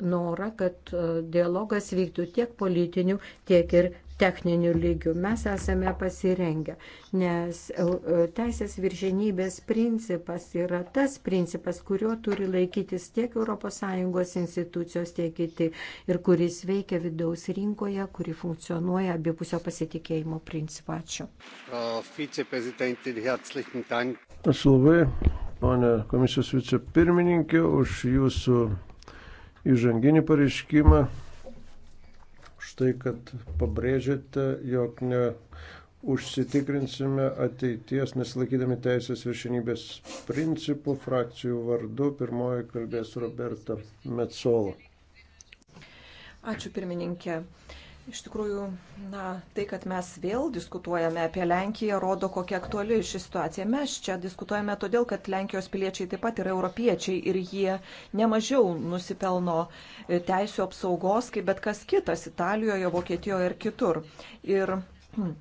norą, kad e, dialogas vyktų tiek politinių, tiek ir techninių lygių. Mes esame pasirengę, nes e, e, teisės viršenybės principas yra tas principas, kurio turi laikytis tiek ES institucijos, tiek kiti ir kuris veikia vidaus rinkoje, kuri funkcionuoja abipusio pasitikėjimo principu. Ačiū. Aš labai, ponė komisijos vicepirmininkė, už jūsų įžanginį pareiškimą štai, kad pabrėžėte, jog ne užsitikrinsime ateities, nesilaikydami teisės viršinybės principų frakcijų vardu. Pirmoji kalbės Roberta Metzola. Ačiū pirmininkė. Uh, Iš tikrųjų, na, tai, kad mes vėl diskutuojame apie Lenkiją, rodo, kokia aktuali ši situacija. Mes čia diskutuojame todėl, kad Lenkijos piliečiai taip pat yra europiečiai ir jie nemažiau nusipelno e, teisų apsaugos, kaip bet kas kitas Italijoje, Vokietijoje ir kitur. Ir hm,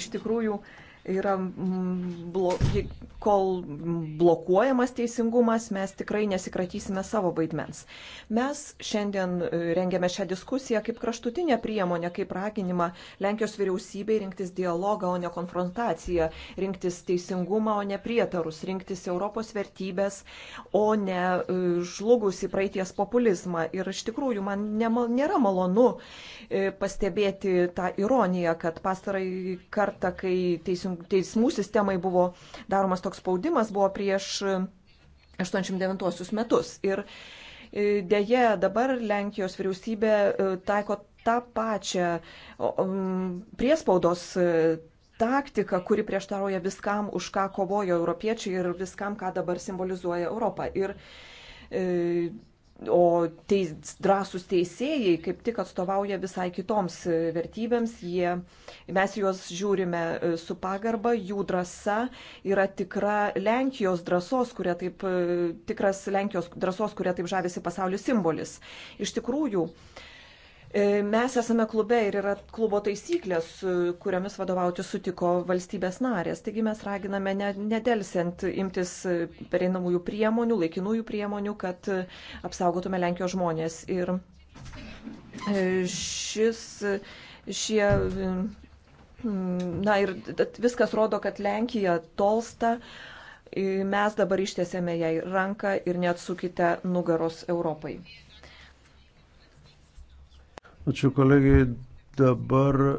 iš tikrųjų, yra, mm, blo, kol blokuojamas teisingumas, mes tikrai nesikratysime savo vaidmens. Mes šiandien e, rengiame šią diskusiją kaip kraštutinę priemonę, kaip raginimą Lenkijos vyriausybei rinktis dialogą, o ne konfrontaciją, rinktis teisingumą, o ne prietarus, rinktis Europos vertybės, o ne e, žlugusi praeities populizmą. Ir iš tikrųjų man nėra malonu e, pastebėti tą ironiją, kad pastarai kartą, kai teisingumas teismų sistemai buvo daromas toks spaudimas, buvo prieš 89 e, metus. Ir dėje dabar Lenkijos vyriausybė e, taiko tą pačią priespaudos e, taktika, kuri prieštarauja viskam, už ką kovojo europiečiai ir viskam, ką dabar simbolizuoja Europą. Ir e, O teis, drąsūs teisėjai kaip tik atstovauja visai kitoms e, vertybėms. Jie, mes juos žiūrime e, su pagarba, jų drąsa yra tikra Lenkijos drąsos, kuria taip, e, tikras Lenkijos drąsos, kuria taip žavisi pasaulio simbolis. Iš tikrųjų, uh, E, mes esame klube ir yra klubo taisyklės, e, kuriamis vadovauti sutiko valstybės narės. Taigi mes raginame nedelsiant imtis e, pereinamųjų priemonių, laikinųjų priemonių, kad apsaugotume Lenkijos žmonės. Ir šis, šie, na ir viskas rodo, kad Lenkija tolsta. Mes dabar ištiesėme jai ranką ir neatsukite nugaros Europai. Ačiū kolegijai. Dabar e,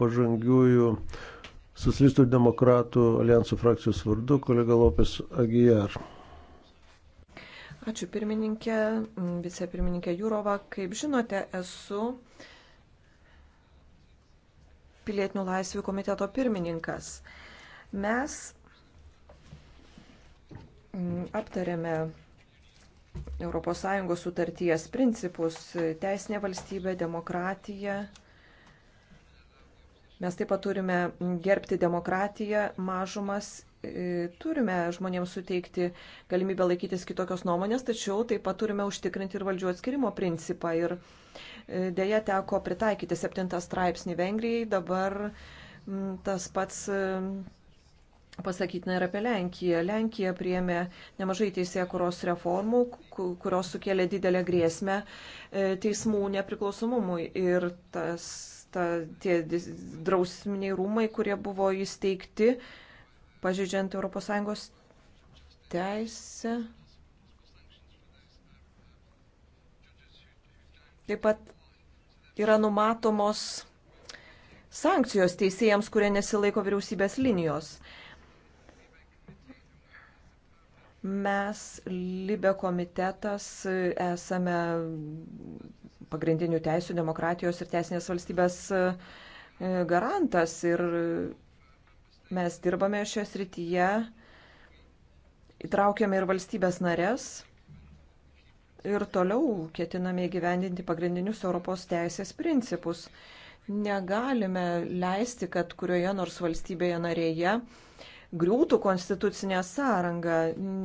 pažangiųjų socialistų demokratų alijansų frakcijos vardu kolega Lopes Agijar. Ačiū pirmininkė, vicepirmininkė Jūrova. Kaip žinote, esu pilietinių laisvių komiteto pirmininkas. Mes aptarėme ES sutarties principus - teisinė valstybė, demokratija. Mes taip pat turime gerbti demokratiją, mažumas, turime žmonėms suteikti galimybę laikytis kitokios nuomonės, tačiau taip pat turime užtikrinti ir valdžių atskirimo principą. Ir e, dėja teko pritaikyti septintą straipsnį Vengrijai, dabar tas pats pasakytina ir apie Lenkiją. Lenkija priėmė nemažai teisėkuros reformų, kurios sukėlė didelę grėsmę e, teismų nepriklausomumui. Ir tas, ta, tie drausminiai rūmai, kurie buvo įsteigti, pažydžiant ES teisę. Taip pat yra numatomos sankcijos teisėjams, kurie nesilaiko vyriausybės linijos. Uh, Mes, Libe komitetas, esame pagrindinių teisų, demokratijos ir teisinės valstybės e, garantas ir mes dirbame šioje srityje, įtraukiame ir valstybės narės ir toliau ketiname įgyvendinti pagrindinius Europos teisės principus. Negalime leisti, kad kurioje nors valstybėje narėje griūtų konstitucinė sąranga,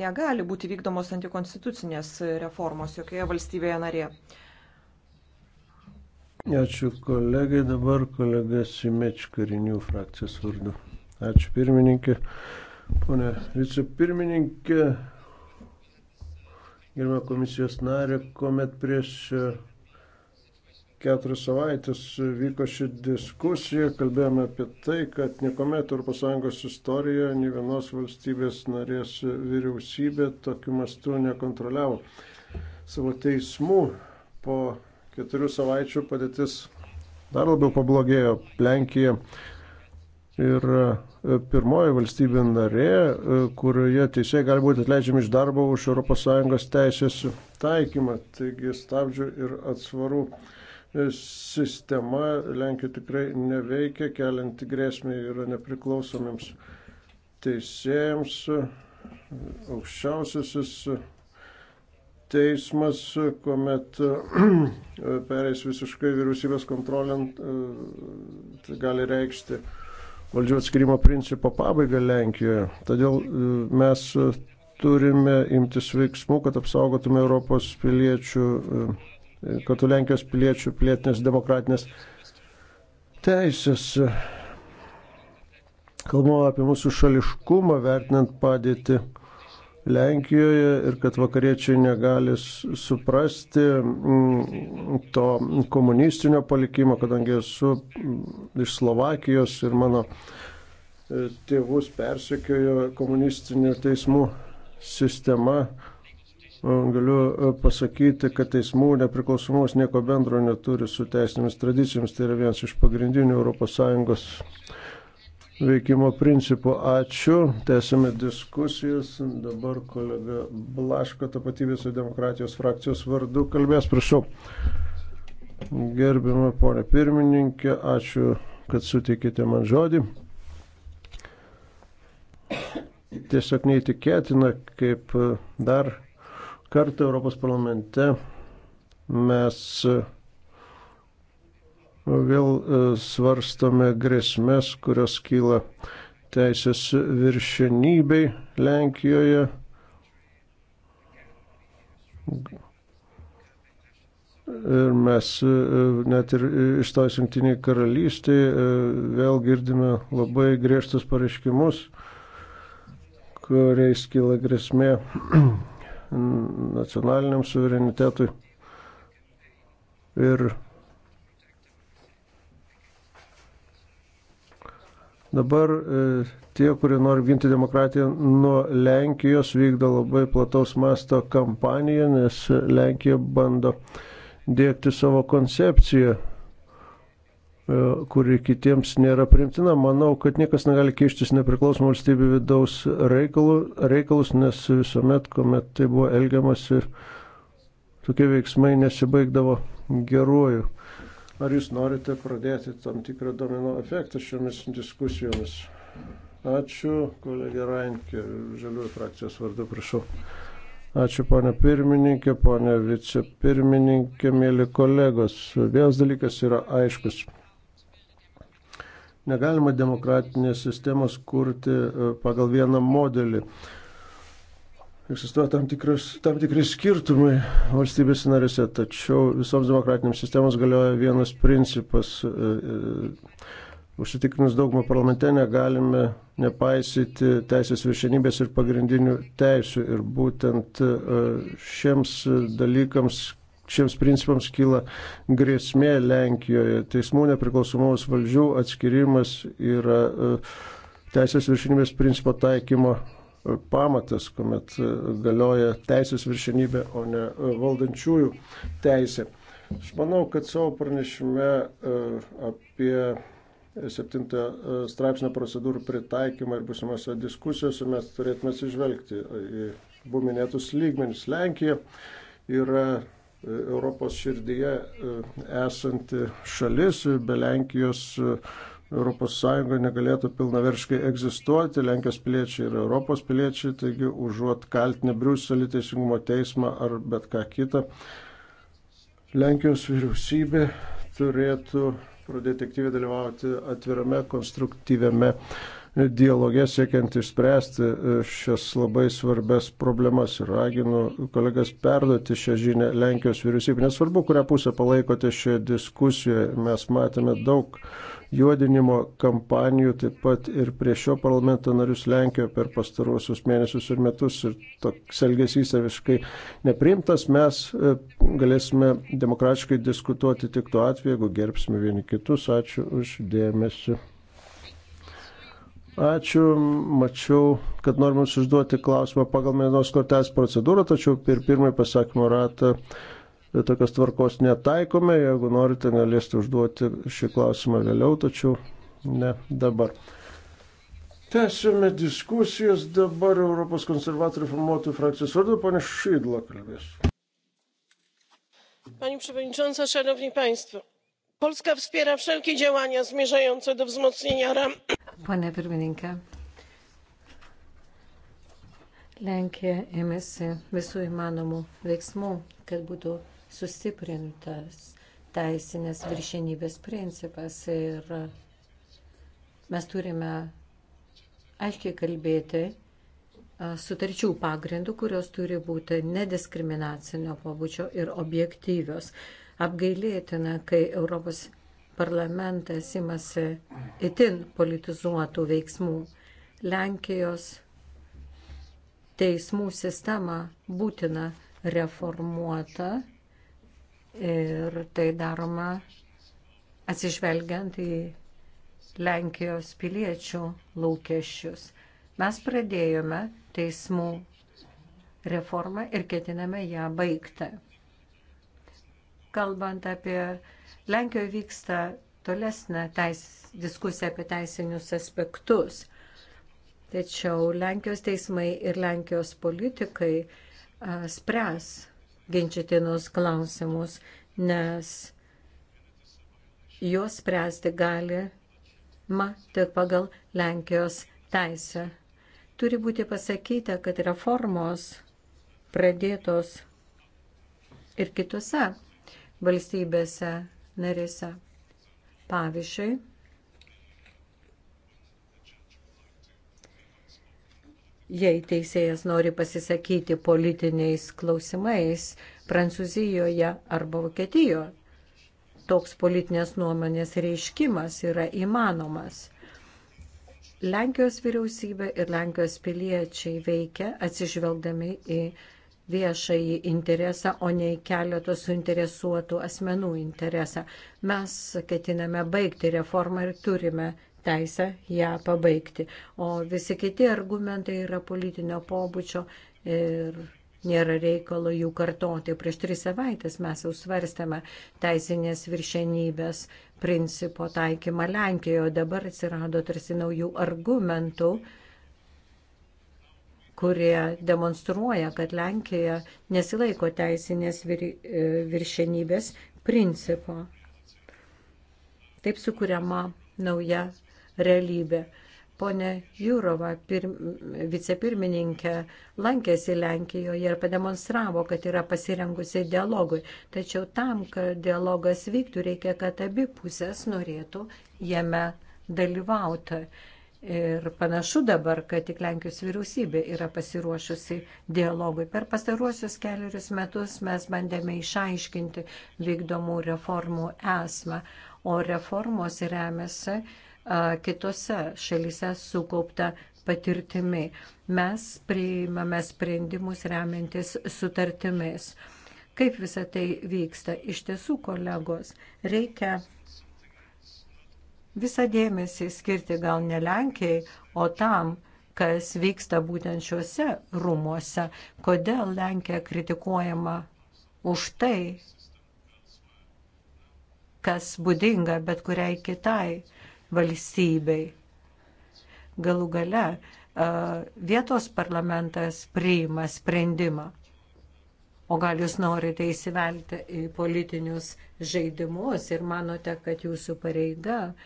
negali būti vykdomos antikonstitucinės reformos jokioje valstybėje narėje. Ačiū kolegai, dabar kolega Simeč karinių frakcijos vardu. Ačiū pirmininkė, ponė vicepirmininkė, gerbė komisijos narė, kuomet prieš keturias savaitės vyko ši diskusija, kalbėjome apie tai, kad niekuomet ES istorijoje ne vienos valstybės narės vyriausybė tokiu mastu nekontroliavo savo teismų. Po keturių savaičių padėtis dar labiau pablogėjo. Lenkija ir e, pirmoji valstybė narė, e, kurioje teisėjai gali būti atleidžiami iš darbo už ES teisės taikymą, taigi stabdžių ir atsvarų sistema Lenkijoje tikrai neveikia, kelianti grėsmė yra nepriklausomiems teisėjams. Aukščiausiasis teismas, kuomet pereis visiškai vyriausybės kontrolint, e, tai gali reikšti valdžių atskirimo principo pabaigą Lenkijoje. Todėl e, mes turime imtis veiksmų, kad apsaugotume Europos piliečių e, kad Lenkijos piliečių pilietinės demokratinės teisės. Kalbama apie mūsų šališkumą, vertinant padėtį Lenkijoje ir kad vakariečiai negali suprasti mm, to komunistinio palikimo, kadangi esu iš Slovakijos ir mano e, tėvus persekiojo komunistinio teismų sistema Galiu pasakyti, kad teismų nepriklausomumas nieko bendro neturi su teisinėmis tradicijomis. Tai yra vienas iš pagrindinių ES veikimo principų. Ačiū. Tęsime diskusijas. Dabar kolega Blaško tapatybės ir demokratijos frakcijos vardu kalbės. Prašau. Gerbima ponė pirmininkė, ačiū, kad sutikite man žodį. Tiesiog neįtikėtina, kaip dar kartą Europos parlamente mes e, vėl e, svarstome grėsmės, kurios kyla teisės viršenybei Lenkijoje. Ir mes e, net ir iš tos jungtiniai karalystiai vėl girdime labai griežtus pareiškimus, kuriais kyla grėsmė nacionaliniam suverenitetui. Ir dabar e, tie, kurie nori ginti demokratiją nuo Lenkijos, vykdo labai plataus masto kampaniją, nes Lenkija bando dėkti savo koncepciją E, kuri kitiems nėra primtina. Manau, kad niekas negali keištis nepriklausomų valstybių vidaus reikalų, reikalus, nes visuomet, kuomet tai buvo elgiamasi, tokie veiksmai nesibaigdavo geruoju. Ar jūs norite pradėti tam tikrą domino efektą šiomis diskusijomis? Ačiū, kolegė Rankė, Žaliųjų frakcijos vardu, prašau. Ačiū, ponė pirmininkė, ponė vicepirmininkė, mėly kolegos. Vienas dalykas yra aiškus. Negalima demokratinės sistemos kurti e, pagal vieną modelį. Egzistuoja tam, tikras, tam tikri skirtumai valstybės narėse, tačiau visoms demokratinėms sistemos galioja vienas principas. E, e, užsitikrinus daugumą parlamente negalime nepaisyti teisės viršenybės ir pagrindinių teisų. Ir būtent šiems dalykams šiems principams kyla grėsmė Lenkijoje. Teismų nepriklausomos valdžių atskirimas yra e, teisės viršinybės principo taikymo e, pamatas, kuomet e, galioja teisės viršinybė, o ne valdančiųjų teisė. Aš manau, kad savo pranešime apie 7 straipsnio procedūrų pritaikymą ir busimose diskusijose mes turėtume atsižvelgti į buminėtus lygmenis. Lenkija yra Europos širdyje e, esanti šalis, be Lenkijos ES negalėtų pilnaverškai egzistuoti, Lenkijos piliečiai yra Europos piliečiai, taigi užuot kaltinę Briuselį, Teisingumo teismą ar bet ką kitą, Lenkijos vyriausybė turėtų pradėti aktyviai dalyvauti atvirame, konstruktyviame dialoge siekiant išspręsti e, šias labai svarbes problemas. Ir raginu kolegas perduoti šią žinią Lenkijos vyriausybė. Nesvarbu, kurią pusę palaikote šioje diskusijoje, mes matėme daug juodinimo kampanijų, taip pat ir prie šio parlamento narius Lenkijoje per pastaruosius mėnesius ir metus. Ir toks elgesys visiškai neprimtas. Mes e, galėsime demokratiškai diskutuoti tik tuo atveju, jeigu gerbsime vieni kitus. Ačiū už dėmesį. Ačiū, mačiau, kad norim jums užduoti klausimą pagal mėlynos kortelės procedūrą, tačiau per pirmąjį pasakymo ratą tokios tvarkos netaikome. Jeigu norite, galėsite užduoti šį klausimą vėliau, tačiau ne dabar. Tęsime diskusijas dabar Europos konservatorių formuotojų frakcijos vardu, ponė Šydla kalbės. Pani Przewodnicząca, Szanowni Państwo. Polska wspiera wszelkie działania zmierzające do wzmocnienia ram. Pane pirmininkė, Lenkija ėmėsi visų įmanomų veiksmų, kad būtų sustiprintas teisinės viršenybės principas ir mes turime aiškiai kalbėti sutarčių pagrindų, kurios turi būti nediskriminacinio pobūdžio ir objektyvios. Apgailėtina, kai Europos parlamentas imasi itin politizuotų veiksmų. Lenkijos teismų sistema būtina reformuota ir tai daroma atsižvelgiant į Lenkijos piliečių lūkesčius. Mes pradėjome teismų reformą ir ketiname ją baigti kalbant apie Lenkijoje vyksta tolesnė teis, diskusija apie teisinius aspektus. Tačiau Lenkijos teismai ir Lenkijos politikai a, spręs ginčytinus klausimus, nes juos spręsti galima tik pagal Lenkijos teisę. Turi būti pasakyta, kad reformos pradėtos ir kitose valstybėse narėse. Pavyzdžiui, jei teisėjas nori pasisakyti politiniais klausimais Prancūzijoje arba Vokietijoje, toks politinės nuomonės reiškimas yra įmanomas. Lenkijos vyriausybė ir Lenkijos piliečiai veikia atsižvelgdami į viešai interesą, o ne į keletą suinteresuotų asmenų interesą. Mes ketiname baigti reformą ir turime teisę ją pabaigti. O visi kiti argumentai yra politinio pobūdžio ir nėra reikalo jų kartoti. Prieš tris savaitės mes jau svarstėme teisinės viršenybės principo taikymą Lenkijoje, o dabar atsirado tarsi naujų argumentų kurie demonstruoja, kad Lenkija nesilaiko teisinės vir, e, viršenybės principo. Taip sukūriama nauja realybė. Pone Jūrova, pir, vicepirmininkė, lankėsi Lenkijoje ir pademonstravo, kad yra pasirengusi dialogui. Tačiau tam, kad dialogas vyktų, reikia, kad abi pusės norėtų jame dalyvauti. Ir panašu dabar, kad tik Lenkijos vyriausybė yra pasiruošusi dialogui. Per pastaruosius keliarius metus mes bandėme išaiškinti vykdomų reformų esmą, o reformos remiasi a, kitose šalyse sukaupta patirtimi. Mes priimame sprendimus remiantis sutartimis. Kaip visa tai vyksta? Iš tiesų, kolegos, reikia visą dėmesį skirti gal ne Lenkijai, o tam, kas vyksta būtent šiuose rūmuose, kodėl Lenkija kritikuojama už tai, kas būdinga bet kuriai kitai valstybei. Galų gale vietos parlamentas priima sprendimą. O gal jūs norite įsivelti į politinius žaidimus ir manote, kad jūsų pareiga uh,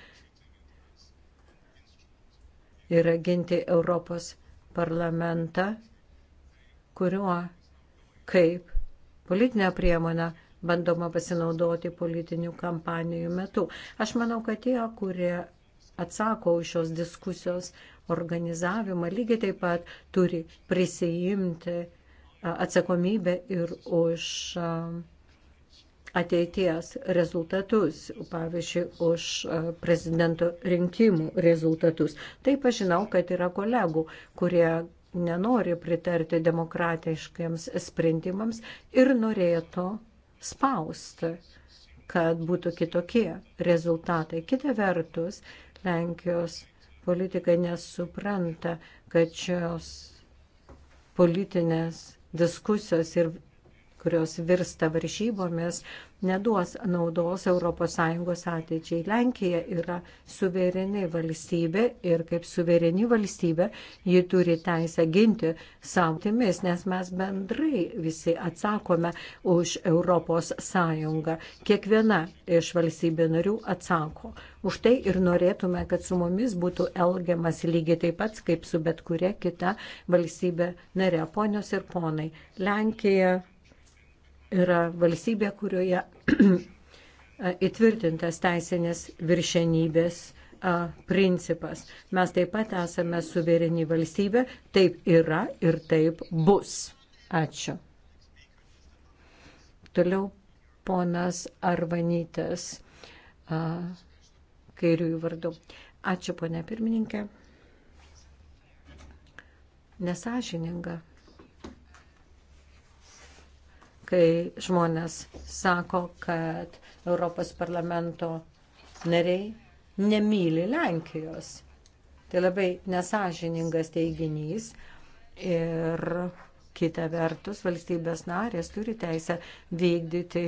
yra ginti Europos parlamentą, kuriuo kaip politinę priemonę bandoma pasinaudoti politinių kampanijų metu. Aš manau, kad tie, kurie atsako už šios diskusijos organizavimą, lygiai taip pat turi prisijimti atsakomybę ir už uh, ateities rezultatus, pavyzdžiui, už e, prezidento rinkimų rezultatus. Taip aš žinau, kad yra kolegų, kurie nenori pritarti demokratiškiams sprendimams ir norėtų spausti, kad būtų kitokie rezultatai. Kita vertus, Lenkijos politikai nesupranta, kad šios politinės diskusijos ir kurios virsta varžybomis, neduos naudos ES ateičiai. Lenkija yra suvereni valstybė ir kaip suvereni valstybė ji turi teisę ginti savo timis, nes mes bendrai visi atsakome už ES. Kiekviena iš valstybė narių atsako. Už tai ir norėtume, kad su mumis būtų elgiamas lygiai taip pat, kaip su bet kuria kita valstybė nare. Ponios ir ponai, Lenkija yra valstybė, kurioje įtvirtintas teisinės viršenybės principas. Mes taip pat esame suvereni valstybė, taip yra ir taip bus. Ačiū. Toliau ponas Arvanytas, kairiųjų vardu. Ačiū, ponė pirmininkė. Nesažininga kai žmonės sako, kad Europos parlamento nariai nemyli Lenkijos. Tai labai nesažiningas teiginys ir kita vertus valstybės narės turi teisę vykdyti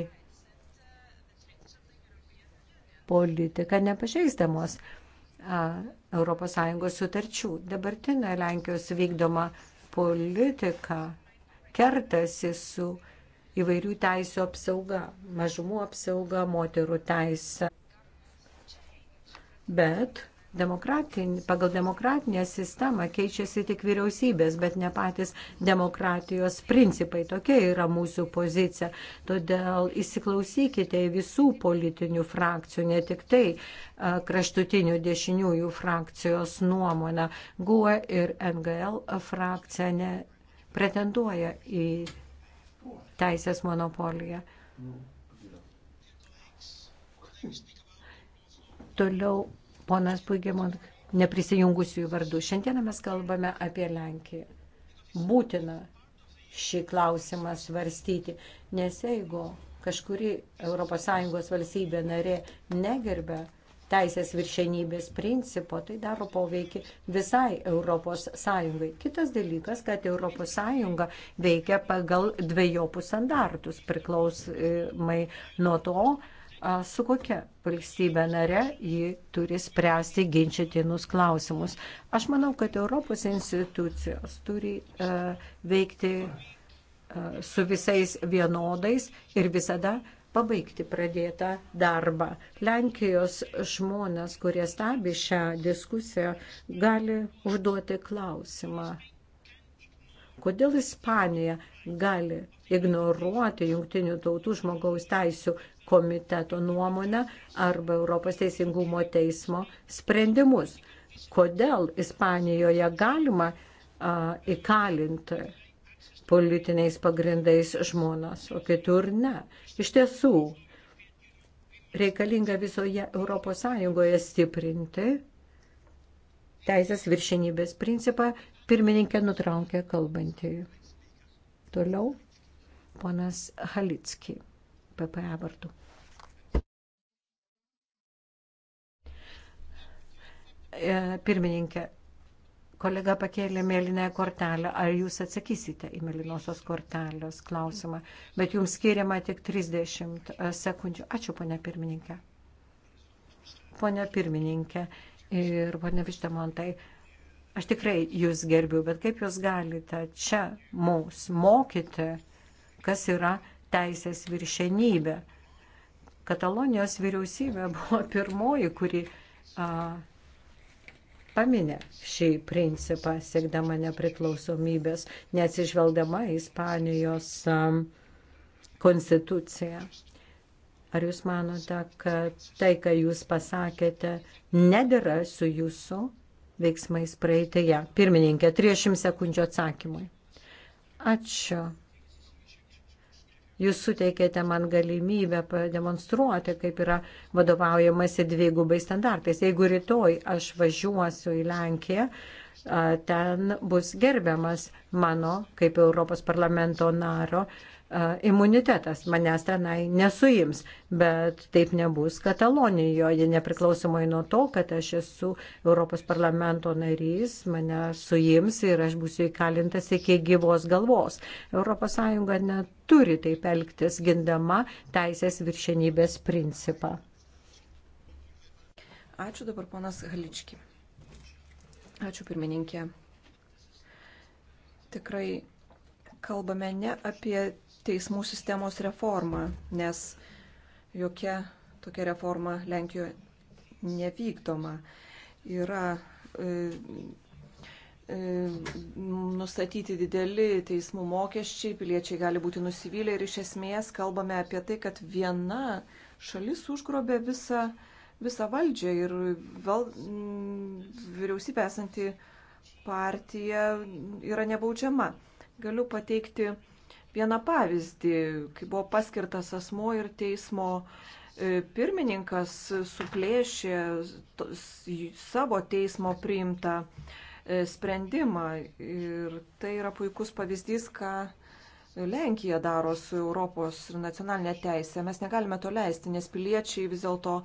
politiką nepažeisdamos ES sutarčių. Dabartinė Lenkijos vykdoma politika kertasi su įvairių teisų apsauga, mažumų apsauga, moterų teisė. Bet demokratin, pagal demokratinę sistemą keičiasi tik vyriausybės, bet ne patys demokratijos principai. Tokia yra mūsų pozicija. Todėl įsiklausykite į visų politinių frakcijų, ne tik tai a, kraštutinių dešiniųjų frakcijos nuomonę. GUE ir NGL frakcija ne pretenduoja į teisės monopoliją. Toliau ponas Puigimont neprisijungusiųjų vardų. Šiandieną mes kalbame apie Lenkiją. Būtina šį klausimą svarstyti, nes jeigu kažkuri ES valstybė narė negerbė teisės viršenybės principo, tai daro poveikį visai Europos Sąjungai. Kitas dalykas, kad Europos Sąjunga veikia pagal dviejopus standartus, priklausomai nuo to, su kokia valstybė nare ji turi spręsti ginčytinus klausimus. Aš manau, kad Europos institucijos turi uh, veikti uh, su visais vienodais ir visada uh, pabaigti pradėtą darbą. Lenkijos žmonės, kurie stebi šią diskusiją, gali užduoti klausimą. Kodėl Ispanija gali ignoruoti jungtinių tautų žmogaus teisų komiteto nuomonę arba Europos teisingumo teismo sprendimus? Kodėl Ispanijoje galima a, įkalinti politiniais pagrindais žmonas, o kitur ne. Iš tiesų, reikalinga visoje Europos Sąjungoje stiprinti teisės viršinybės principą, pirmininkė nutraukė kalbantį. Toliau ponas Halicki, PPA e vardu. E, pirmininkė, Kolega pakėlė mėlynąją kortelę. Ar jūs atsakysite į mėlynosios kortelės klausimą? Bet jums skiriama tik 30 e, sekundžių. Ačiū, ponia pirmininkė. Ponia pirmininkė ir ponia Vištemontai, aš tikrai jūs gerbiu, bet kaip jūs galite čia mums mokyti, kas yra teisės viršenybė? Katalonijos vyriausybė buvo pirmoji, kuri a, paminė šį principą, siekdama nepriklausomybės, neatsižvelgdama Ispanijos um, konstituciją. Ar jūs manote, kad tai, ką jūs pasakėte, nedėra su jūsų veiksmais praeitėje? Pirmininkė, 30 sekundžių atsakymui. Ačiū. Jūs suteikėte man galimybę pademonstruoti, kaip yra vadovaujamasi dvigubai standartais. Jeigu rytoj aš važiuosiu į Lenkiją, ten bus gerbiamas mano, kaip Europos parlamento naro, imunitetas, manęs tenai nesuims, bet taip nebus Katalonijoje, nepriklausomai nuo to, kad aš esu Europos parlamento narys, mane suims ir aš būsiu įkalintas iki gyvos galvos. ES neturi taip elgtis, gindama teisės viršenybės principą. Ačiū dabar ponas Halički. Ačiū pirmininkė. Tikrai kalbame ne apie teismų sistemos reformą, nes jokia tokia reforma Lenkijoje nevykdoma. Yra e, e, nustatyti dideli teismų mokesčiai, piliečiai gali būti nusivylę ir iš esmės kalbame apie tai, kad viena šalis užgrobė visą, visą valdžią ir val, mm, vyriausybė esanti partija yra nebaudžiama. Galiu pateikti vieną pavyzdį, kai buvo paskirtas asmo ir teismo e, pirmininkas suplėšė savo teismo priimtą e, sprendimą. Ir tai yra puikus pavyzdys, ką Lenkija daro su Europos ir nacionalinė teisė. Mes negalime to leisti, nes piliečiai vis dėlto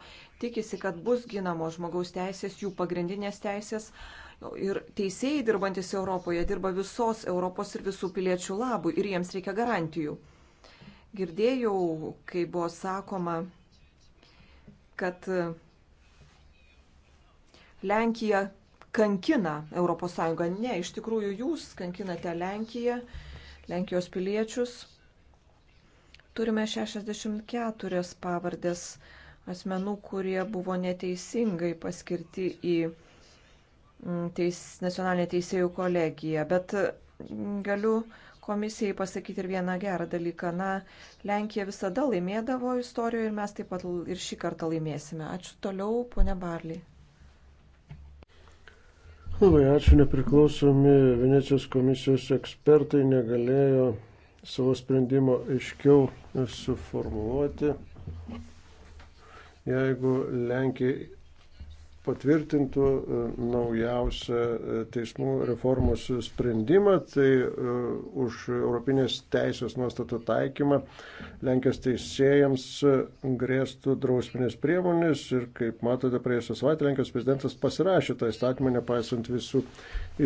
tikisi, kad bus ginamos žmogaus teisės, jų pagrindinės teisės ir teisėjai dirbantis Europoje dirba visos Europos ir visų piliečių labui ir jiems reikia garantijų. Girdėjau, kai buvo sakoma, kad e, Lenkija kankina ES. Ne, iš tikrųjų jūs kankinate Lenkiją, Lenkijos piliečius. Turime 64 pavardės asmenų, kurie buvo neteisingai paskirti į Mm, teis, nacionalinė teisėjų kolegija. Bet mm, galiu komisijai pasakyti ir vieną gerą dalyką. Na, Lenkija visada laimėdavo istorijoje ir mes taip pat ir šį kartą laimėsime. Ačiū toliau, ponė Barly. Labai ačiū, nepriklausomi Venecijos komisijos ekspertai negalėjo savo sprendimo aiškiau suformuoluoti. Jeigu Lenkija patvirtintų e, naujausią e, teismų reformos sprendimą, tai e, už Europinės teisės nuostatų taikymą Lenkijos teisėjams grėstų drausminės priemonės ir, kaip matote, praėjusią savaitę Lenkijos prezidentas pasirašė tą įstatymą, nepaisant visų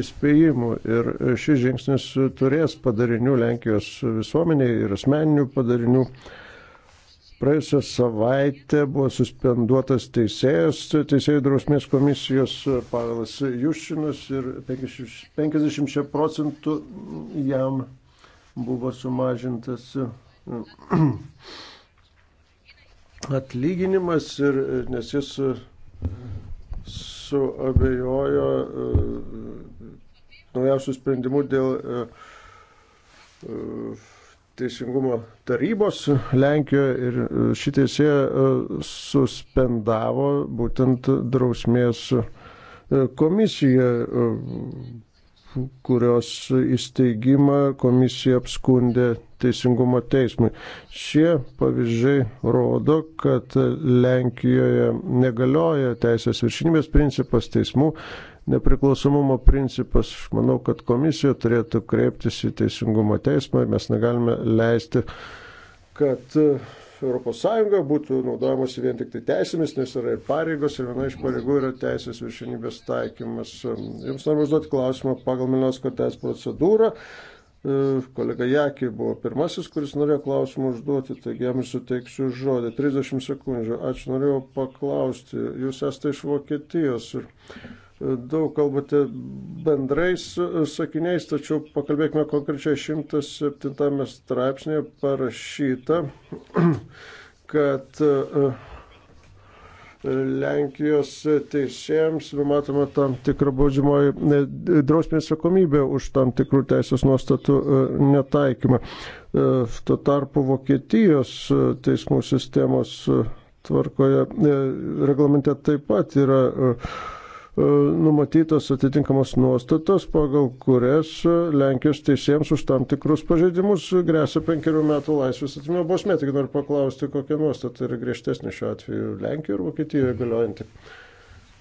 įspėjimų. Ir šis žingsnis turės padarinių Lenkijos visuomeniai ir asmeninių padarinių. Praėjusią savaitę buvo suspenduotas teisėjas, teisėjų drausmės komisijos Pavelas Jušinas ir 50 procentų jam buvo sumažintas atlyginimas, ir, nes jis suabejojo e, naujausių sprendimų dėl uh, uh, teisingumo tarybos Lenkijoje ir e, ši teisėja e, suspendavo būtent drausmės e, komisiją, kurios įsteigimą komisija apskundė teisingumo teismui. Šie pavyzdžiai rodo, kad Lenkijoje negalioja teisės viršinybės principas teismų nepriklausomumo principas. Aš manau, kad komisija turėtų kreiptis į Teisingumo teismą ir mes negalime leisti, kad ES būtų naudojamas vien tik tai teisėmis, nes yra ir pareigos, ir viena iš pareigų yra teisės viršinybės taikymas. Jums noriu užduoti klausimą pagal Minos kortelės procedūrą. E, kolega Jakė buvo pirmasis, kuris norėjo klausimą užduoti, taigi jam ir suteiksiu žodį. 30 sekundžių. Ačiū, norėjau paklausti. Jūs esate iš Vokietijos ir daug kalbate bendrais e, sakiniais, tačiau pakalbėkime konkrečiai 107 straipsnėje parašyta, kad e, Lenkijos teisėjams numatoma tam tikra baudžiamoji e, drausmė atsakomybė už tam tikrų teisės nuostatų netaikymą. Tuo tarpu Vokietijos teismų sistemos tvarkoje reglamente taip pat yra numatytos atitinkamos nuostatos, pagal kurias Lenkijos teisėjams už tam tikrus pažeidimus grėsia penkerių metų laisvės atimimo bausmė. Tik noriu paklausti, kokia nuostata yra griežtesnė šiuo atveju Lenkijoje ir Vokietijoje galiojanti.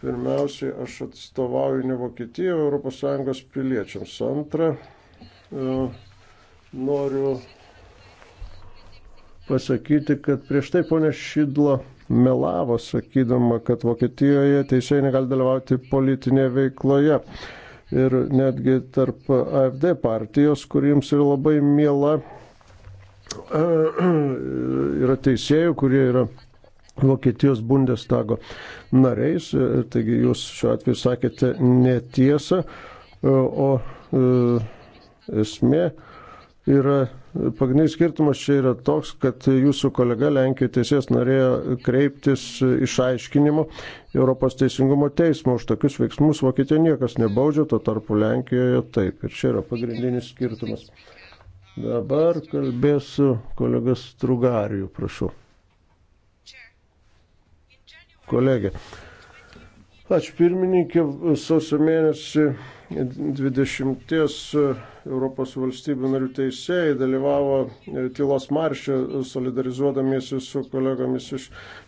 Pirmiausiai, aš atstovauju ne Vokietiją, ES piliečiams. Antra, e, noriu pasakyti, kad prieš tai ponė Šidlo melavo, sakydama, kad Vokietijoje teisėjai negali dalyvauti politinėje veikloje. Ir netgi tarp AFD partijos, kuri jums yra labai miela, yra teisėjų, kurie yra Vokietijos Bundestago nariais. Taigi jūs šiuo atveju sakėte netiesą, o e, esmė yra pagrindinis skirtumas čia yra toks, kad jūsų kolega Lenkijoje teisės norėjo kreiptis išaiškinimo Europos teisingumo teismo už tokius veiksmus Vokietijoje niekas nebaudžia, to tarpu Lenkijoje taip. Ir čia yra pagrindinis skirtumas. Dabar kalbėsiu kolegas Trugarijų, prašau. Kolegė. Ačiū pirmininkė, sausio mėnesį 20 Europos valstybių narių teisėjai dalyvavo e, tylos maršė, solidarizuodamiesi su kolegomis iš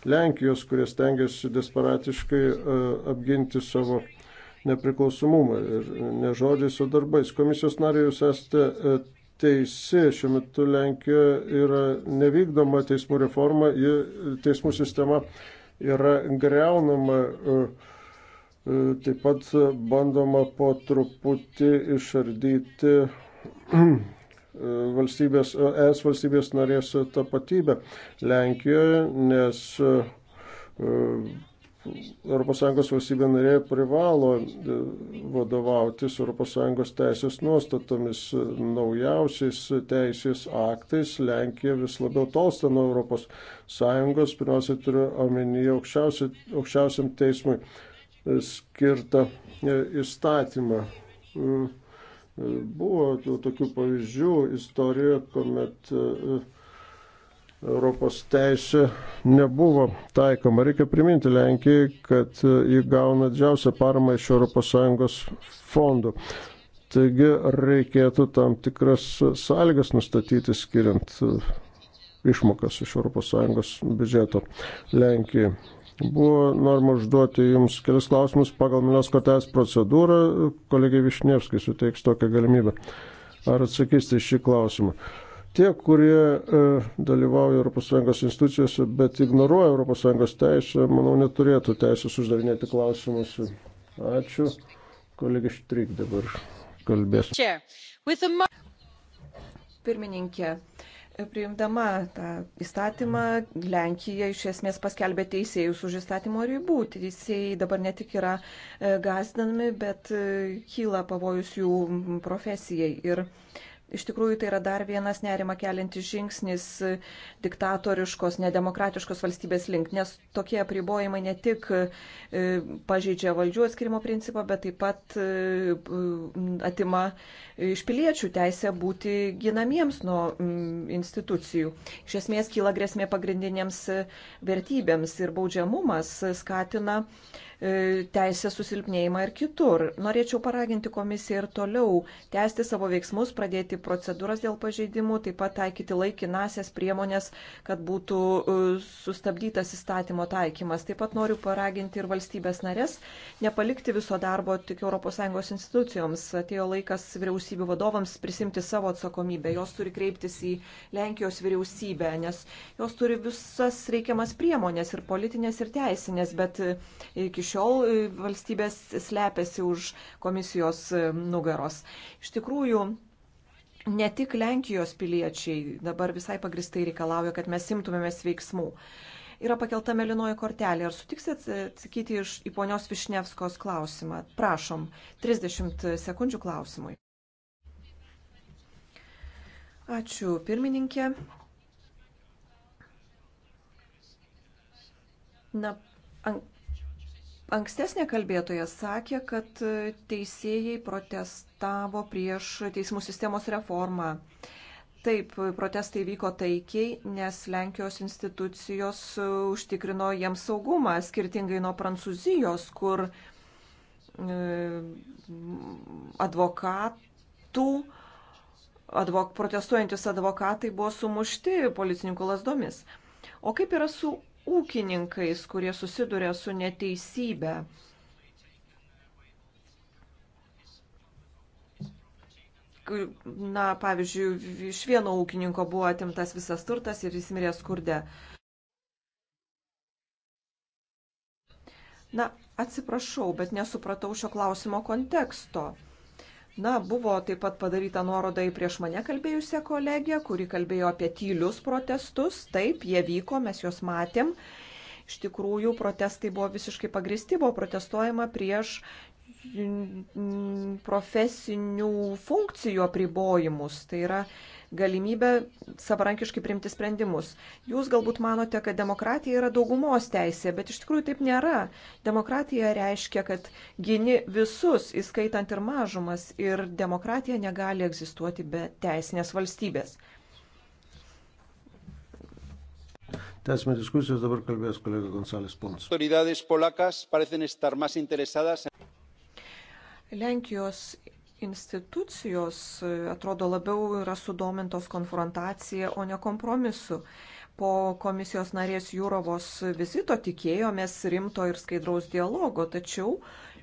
Lenkijos, kurie stengiasi desperatiškai e, apginti savo nepriklausomumą ir ne žodžiais, o darbais. Komisijos nariai jūs esate e, teisi, šiuo metu Lenkijoje yra nevykdoma teismų reforma, teismų sistema yra greunama. Uh, Taip pat bandoma po truputį išardyti valstybės, es valstybės narės tapatybę Lenkijoje, nes ES valstybė narė privalo e, vadovautis ES teisės nuostatomis naujausiais teisės aktais. Lenkija vis labiau tolsta nuo ES. Pirmiausia, turiu omenyje aukščiausiam teismui skirtą e, įstatymą. Mm. Buvo tokių pavyzdžių istorijoje, kuomet e, Europos teisė nebuvo taikoma. Reikia priminti Lenkijai, kad e, ji gauna didžiausią paramą iš ES fondų. Taigi reikėtų tam tikras sąlygas nustatyti skiriant išmokas iš ES biudžeto Lenkijai. Buvo norma užduoti Jums kelias klausimus pagal Minos kortelės procedūrą. Kolegė Višnievskai suteiks tokią galimybę. Ar atsakysite šį klausimą? Tie, kurie e, dalyvauja ES institucijose, bet ignoruoja ES teisę, manau, neturėtų teisės uždavinėti klausimus. Ačiū. Kolegė Štrik dabar kalbės. Pirmininkė, Priimdama tą įstatymą, Lenkija iš esmės paskelbė teisėjus už įstatymo ribų. Teisėjai dabar ne tik yra e, gazdinami, bet e, kyla pavojus jų profesijai. Ir Iš tikrųjų, tai yra dar vienas nerima keliantis žingsnis diktatoriškos, nedemokratiškos valstybės link, nes tokie apribojimai ne tik e, pažeidžia valdžių atskirimo principą, bet taip pat e, atima iš piliečių teisę būti ginamiems nuo institucijų. Iš esmės kyla grėsmė pagrindinėms vertybėms ir baudžiamumas skatina uh, E, teisės susilpnėjimą ir kitur. Norėčiau paraginti komisiją ir toliau tęsti savo veiksmus, pradėti procedūras dėl pažeidimų, taip pat taikyti laikinasias priemonės, kad būtų e, sustabdytas įstatymo taikymas. Taip pat noriu paraginti ir valstybės narės nepalikti viso darbo tik ES institucijoms. Atėjo laikas vyriausybių vadovams prisimti savo atsakomybę. Jos turi kreiptis į Lenkijos vyriausybę, nes jos turi visas reikiamas priemonės ir politinės, ir teisinės, bet e, iki šiol e, valstybės slepiasi už komisijos e, nugaros. Iš tikrųjų, ne tik Lenkijos piliečiai dabar visai pagristai reikalauja, kad mes simtumėmės veiksmų. Yra pakelta melinoji kortelė. Ar sutiksit e, atsakyti iš, į ponios Višnevskos klausimą? Prašom, 30 sekundžių klausimui. Ačiū, pirmininkė. Na, Ankstesnė kalbėtoja sakė, kad teisėjai protestavo prieš teismų sistemos reformą. Taip, protestai vyko taikiai, nes Lenkijos institucijos užtikrino jiems saugumą, skirtingai nuo Prancūzijos, kur e, advokatų, advok, protestuojantis advokatai buvo sumušti policininkų lasdomis. O kaip yra su ūkininkais, kurie susiduria su neteisybė. Na, pavyzdžiui, iš vieno ūkininko buvo atimtas visas turtas ir jis mirė skurde. Na, atsiprašau, bet nesupratau šio klausimo konteksto. Na, buvo taip pat padaryta nuoroda į prieš mane kalbėjusią kolegę, kuri kalbėjo apie tylius protestus. Taip, jie vyko, mes juos matėm. Iš tikrųjų, protestai buvo visiškai pagristi, buvo protestuojama prieš mm, profesinių funkcijų apribojimus. Tai yra galimybę savarankiškai priimti sprendimus. Jūs galbūt manote, kad demokratija yra daugumos teisė, bet iš tikrųjų taip nėra. Demokratija reiškia, kad gini visus, įskaitant ir mažumas, ir demokratija negali egzistuoti be teisinės valstybės. Tęsime diskusijas, dabar kalbės kolega Gonzalės Pons. Lenkijos institucijos e, atrodo labiau yra sudomintos konfrontacija, o ne kompromisu. Po komisijos narės Jūrovos vizito tikėjomės rimto ir skaidraus dialogo, tačiau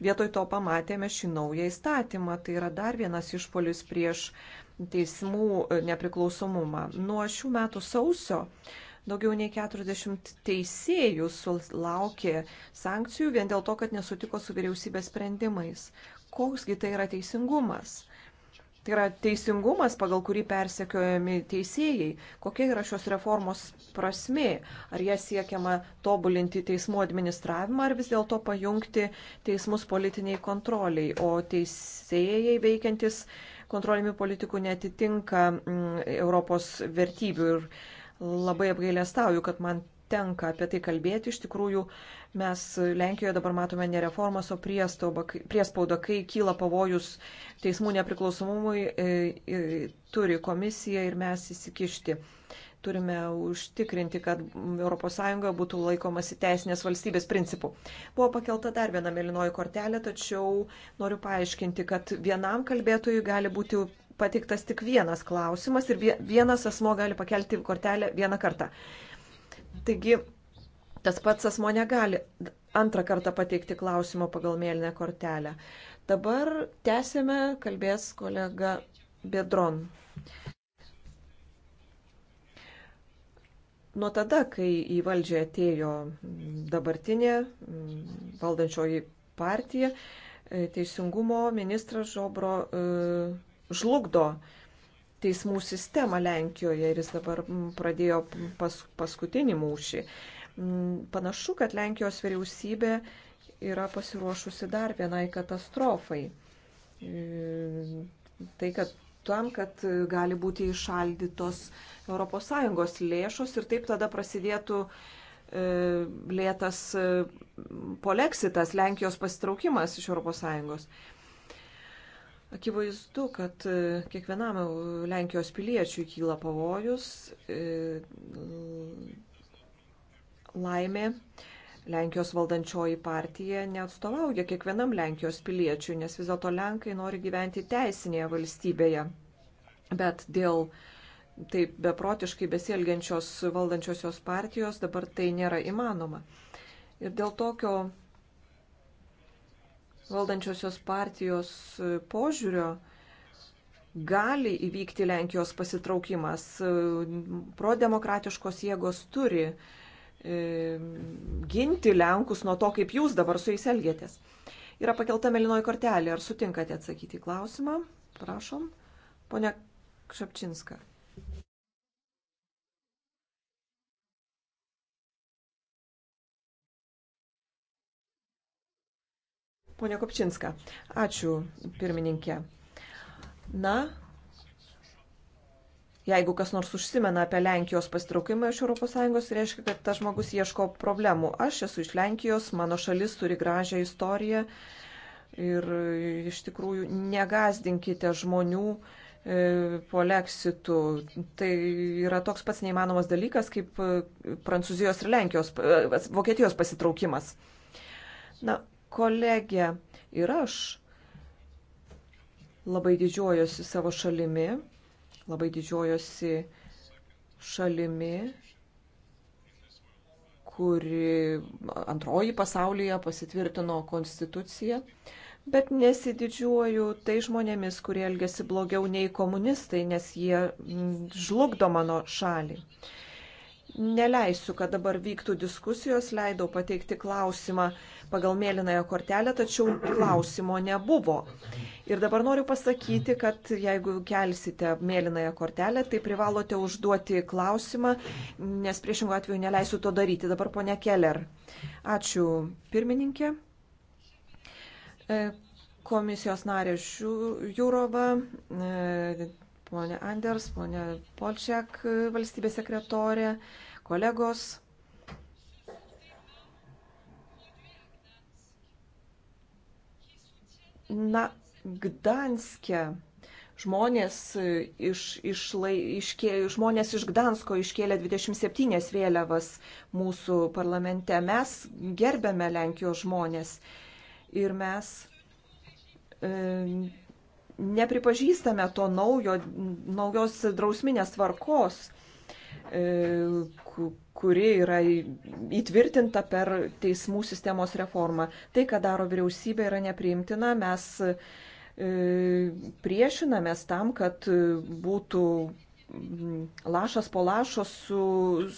vietoj to pamatėme šį naują įstatymą. Tai yra dar vienas išpolis prieš teismų e, nepriklausomumą. Nuo šių metų sausio daugiau nei 40 teisėjų sulaukė sankcijų vien dėl to, kad nesutiko su vyriausybės sprendimais koksgi tai yra teisingumas. Tai yra teisingumas, pagal kurį persekiojami teisėjai. Kokia yra šios reformos prasme? Ar jie siekiama tobulinti teismų administravimą, ar vis dėlto pajungti teismus politiniai kontroliai, o teisėjai veikiantis kontrolimi politikų netitinka mm, Europos vertybių. Ir labai apgailestauju, kad man tenka apie tai kalbėti. Iš tikrųjų, Mes Lenkijoje dabar matome ne reformas, o priespaudą, kai kyla pavojus teismų nepriklausomumui, e, e, turi komisija ir mes įsikišti. Turime užtikrinti, kad ES būtų laikomasi teisinės valstybės principų. Buvo pakelta dar viena melinoji kortelė, tačiau noriu paaiškinti, kad vienam kalbėtojui gali būti pateiktas tik vienas klausimas ir vienas asmo gali pakelti kortelę vieną kartą. Taigi, Tas pats asmo negali antrą kartą pateikti klausimą pagal mėlyną kortelę. Dabar tęsime, kalbės kolega Bedron. Nuo tada, kai į valdžią atėjo dabartinė mm, valdančioji partija, e, teisingumo ministras Žobro e, žlugdo teismų sistemą Lenkijoje ir jis dabar mm, pradėjo pas, paskutinį mūšį. Mm, panašu, kad Lenkijos vyriausybė yra pasiruošusi dar vienai katastrofai. Mm, tai, kad tam, kad gali būti išaldytos ES lėšos ir taip tada prasidėtų e, lėtas e, poleksitas, Lenkijos pasitraukimas iš ES. Akivaizdu, kad e, kiekvienam Lenkijos piliečiui kyla pavojus laimė. Lenkijos valdančioji partija neatstovauja kiekvienam Lenkijos piliečiui, nes vis dėlto Lenkai nori gyventi teisinėje valstybėje. Bet dėl taip beprotiškai besielgiančios valdančiosios partijos dabar tai nėra įmanoma. Ir dėl tokio valdančiosios partijos požiūrio gali įvykti Lenkijos pasitraukimas. Prodemokratiškos jėgos turi uh, ginti Lenkus nuo to, kaip jūs dabar su jais elgėtės. Yra pakelta melinoji kortelė. Ar sutinkate atsakyti į klausimą? Prašom. Pone Šapčinska. Pone Kopčinska, ačiū pirmininkė. Na, Jeigu kas nors užsimena apie Lenkijos pastraukimą iš ES, tai reiškia, kad tas žmogus ieško problemų. Aš esu iš Lenkijos, mano šalis turi gražią istoriją ir e, iš tikrųjų negazdinkite žmonių e, po leksitų. Tai yra toks pats neįmanomas dalykas kaip e, Prancūzijos ir Lenkijos, Vokietijos pasitraukimas. Na, kolegė ir aš labai didžiuojuosi savo šalimi labai didžiuojosi šalimi, kuri antroji pasaulyje pasitvirtino konstituciją, bet nesididžiuoju tai žmonėmis, kurie elgesi blogiau nei komunistai, nes jie žlugdo mano šalį. Neleisiu, kad dabar vyktų diskusijos, leidau pateikti klausimą pagal mėlynąją kortelę, tačiau klausimo nebuvo. Ir dabar noriu pasakyti, kad jeigu kelsite mėlynąją kortelę, tai privalote užduoti klausimą, nes priešingų atveju neleisiu to daryti. Dabar ponia Keller. Ačiū pirmininkė. E, komisijos narė Jūrova, e, ponia Anders, ponia Polčiak, e, valstybės sekretorė, kolegos. na, Gdanske žmonės iš, iš, iškė, žmonės iš Gdansko iškėlė 27 vėliavas mūsų parlamente. Mes gerbėme Lenkijos žmonės ir mes e, nepripažįstame to naujo, naujos drausminės tvarkos, e, kuri yra įtvirtinta per teismų sistemos reformą. Tai, ką daro vyriausybė, yra nepriimtina. Mes e, E, priešinamės tam, kad būtų lašas po lašo su,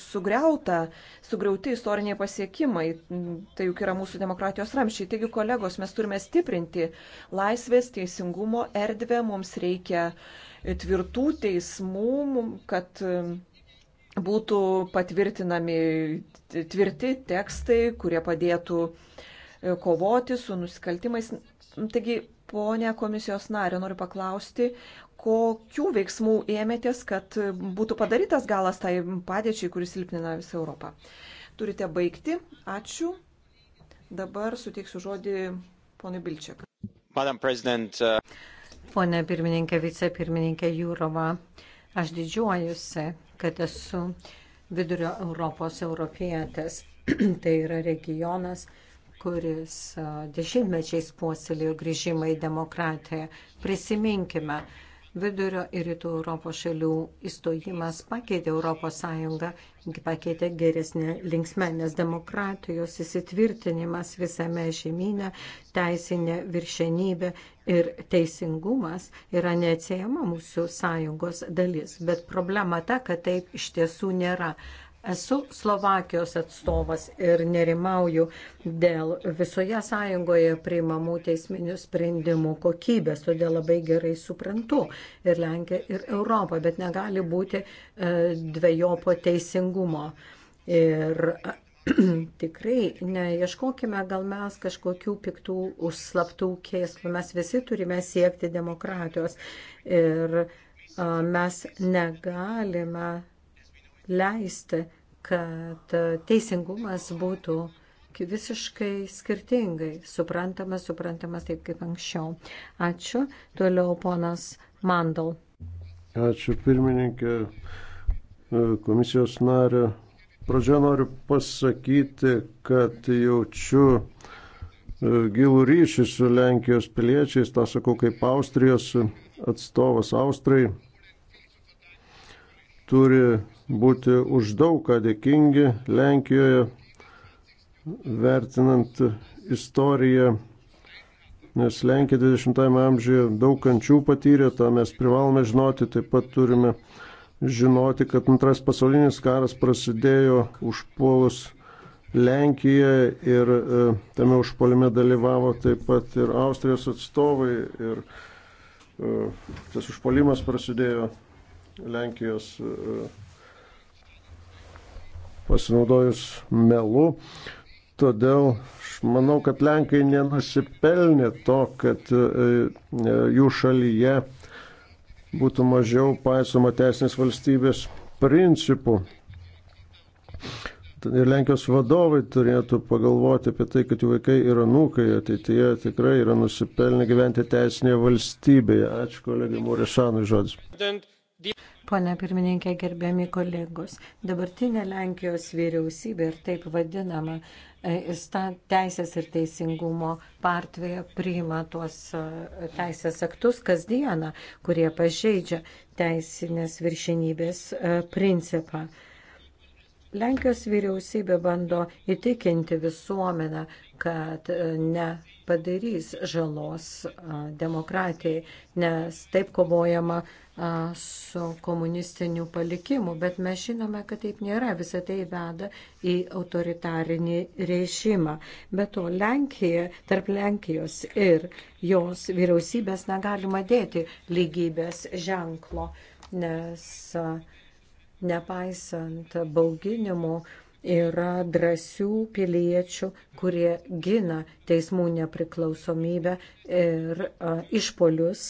sugriauta, sugriauti istoriniai pasiekimai. Tai juk yra mūsų demokratijos ramščiai. Taigi, kolegos, mes turime stiprinti laisvės, teisingumo erdvę, mums reikia tvirtų teismų, kad būtų patvirtinami tvirti tekstai, kurie padėtų e, kovoti su nusikaltimais. Taigi, Pone komisijos narė, noriu paklausti, kokių veiksmų ėmėtės, kad būtų padarytas galas tai padėčiai, kuris silpnina visą Europą. Turite baigti. Ačiū. Dabar suteiksiu žodį ponui Bilčiak. Madam President. Uh... Pone pirmininkė, vicepirmininkė Jūrova, aš didžiuojusi, kad esu vidurio Europos europietės. tai yra regionas, uh, kuris dešimtmečiais puoselėjo grįžimą į demokratiją. Prisiminkime, vidurio ir rytų Europos šalių įstojimas pakeitė Europos Sąjungą, pakeitė geresnė linksmė, nes demokratijos įsitvirtinimas visame žemynė, teisinė viršenybė ir teisingumas yra neatsiejama mūsų sąjungos dalis. Bet problema ta, kad taip iš tiesų nėra. Esu Slovakijos atstovas ir nerimauju dėl visoje sąjungoje priimamų teisminių sprendimų kokybės, todėl labai gerai suprantu ir Lenkiją, ir Europą, bet negali būti e, dviejopo teisingumo. Ir tikrai neieškokime gal mes kažkokių piktų, užslaptų kėslų. Mes visi turime siekti demokratijos. Ir a, mes negalime leisti, kad e, teisingumas būtų visiškai skirtingai suprantamas, suprantamas taip kaip anksčiau. Ačiū. Toliau ponas Mandal. Ačiū pirmininkė, e, komisijos narė. Pradžioje noriu pasakyti, kad jaučiu e, gilų ryšį su Lenkijos piliečiais, tą sakau kaip Austrijos atstovas Austrai turi būti už daug ką dėkingi Lenkijoje, vertinant istoriją, nes Lenkija 20-ame amžiuje daug kančių patyrė, tą mes privalome žinoti, taip pat turime žinoti, kad antras pasaulinis karas prasidėjo užpuolus Lenkiją ir e, tame užpolime dalyvavo taip pat ir Austrijos atstovai ir e, tas užpolimas prasidėjo Lenkijos e, pasinaudojus melu. Todėl aš manau, kad Lenkai nenusipelnė to, kad e, e, jų šalyje būtų mažiau paisoma teisinės valstybės principų. Ir Lenkijos vadovai turėtų pagalvoti apie tai, kad jų vaikai ir anūkai ateityje tikrai yra nusipelnę gyventi teisinėje valstybėje. Ačiū kolegai Morišanui žodis. Pone pirmininkė, gerbiami kolegos, dabartinė Lenkijos vyriausybė ir taip vadinama e, teisės ir teisingumo partija priima tuos e, teisės aktus kasdieną, kurie pažeidžia teisinės viršinybės e, principą. Lenkijos vyriausybė bando įtikinti visuomenę, kad nepadarys žalos demokratijai, nes taip kovojama uh, su komunistiniu palikimu, bet mes žinome, kad taip nėra. Visą tai veda į autoritarinį režimą. Bet to Lenkija, tarp Lenkijos ir jos vyriausybės negalima dėti lygybės ženklo, nes nepaisant bauginimų yra drąsių piliečių, kurie gina teismų nepriklausomybę ir išpolius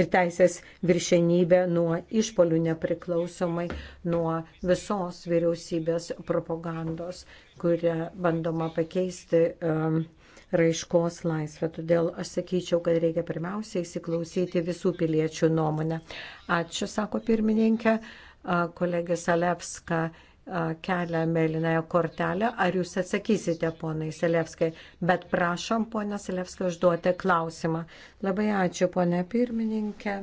ir teisės viršenybę nuo išpolių nepriklausomai nuo visos vyriausybės propagandos, kurią bandoma pakeisti raiškos laisvę. Todėl aš sakyčiau, kad reikia pirmiausia įsiklausyti visų piliečių nuomonę. Ačiū, sako pirmininkė, kolegė Salepska kelia mėlynąją kortelę. Ar jūs atsakysite, ponai Selevskai? Bet prašom, ponė Selevskai, užduoti klausimą. Labai ačiū, ponė pirmininkė.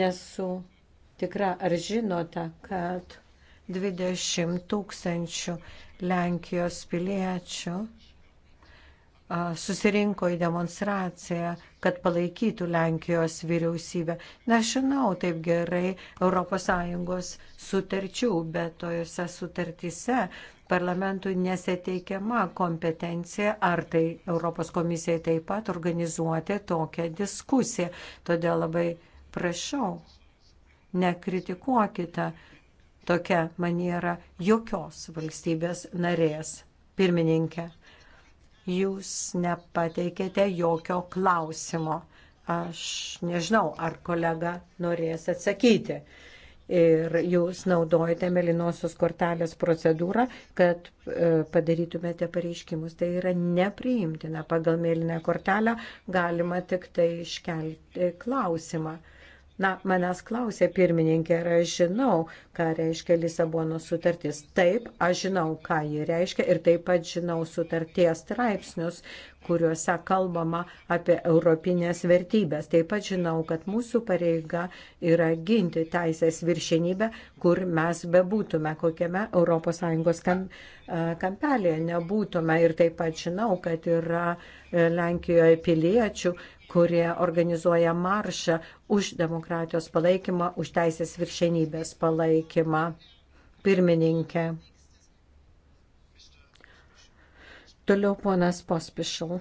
Nesu tikra, ar žinote, kad 20 tūkstančių Lenkijos piliečių susirinko į demonstraciją, kad palaikytų Lenkijos vyriausybę. Nežinau taip gerai ES sutarčių, bet tojose sutartyse parlamentui nesiteikiama kompetencija, ar tai Europos komisijai taip pat organizuoti tokią diskusiją. Todėl labai prašau, nekritikuokite tokia maniera jokios valstybės narės. Pirmininkė jūs nepateikėte jokio klausimo. Aš nežinau, ar kolega norės atsakyti. Ir jūs naudojate melinosios kortelės procedūrą, kad e, padarytumėte pareiškimus. Tai yra nepriimtina. Pagal melinę kortelę galima tik tai iškelti klausimą. Na, manęs klausė pirmininkė, ar aš žinau, ką reiškia Lisabonos sutartis. Taip, aš žinau, ką ji reiškia ir taip pat žinau sutarties straipsnius, kuriuose kalbama apie europinės vertybės. Taip pat žinau, kad mūsų pareiga yra ginti teisės viršinybę, kur mes bebūtume, kokiame ES kam, kampelėje nebūtume. Ir taip pat žinau, kad yra e, Lenkijoje piliečių, kurie organizuoja maršą už demokratijos palaikymą, už teisės viršenybės palaikymą. Pirmininkė. Toliau ponas Pospišal.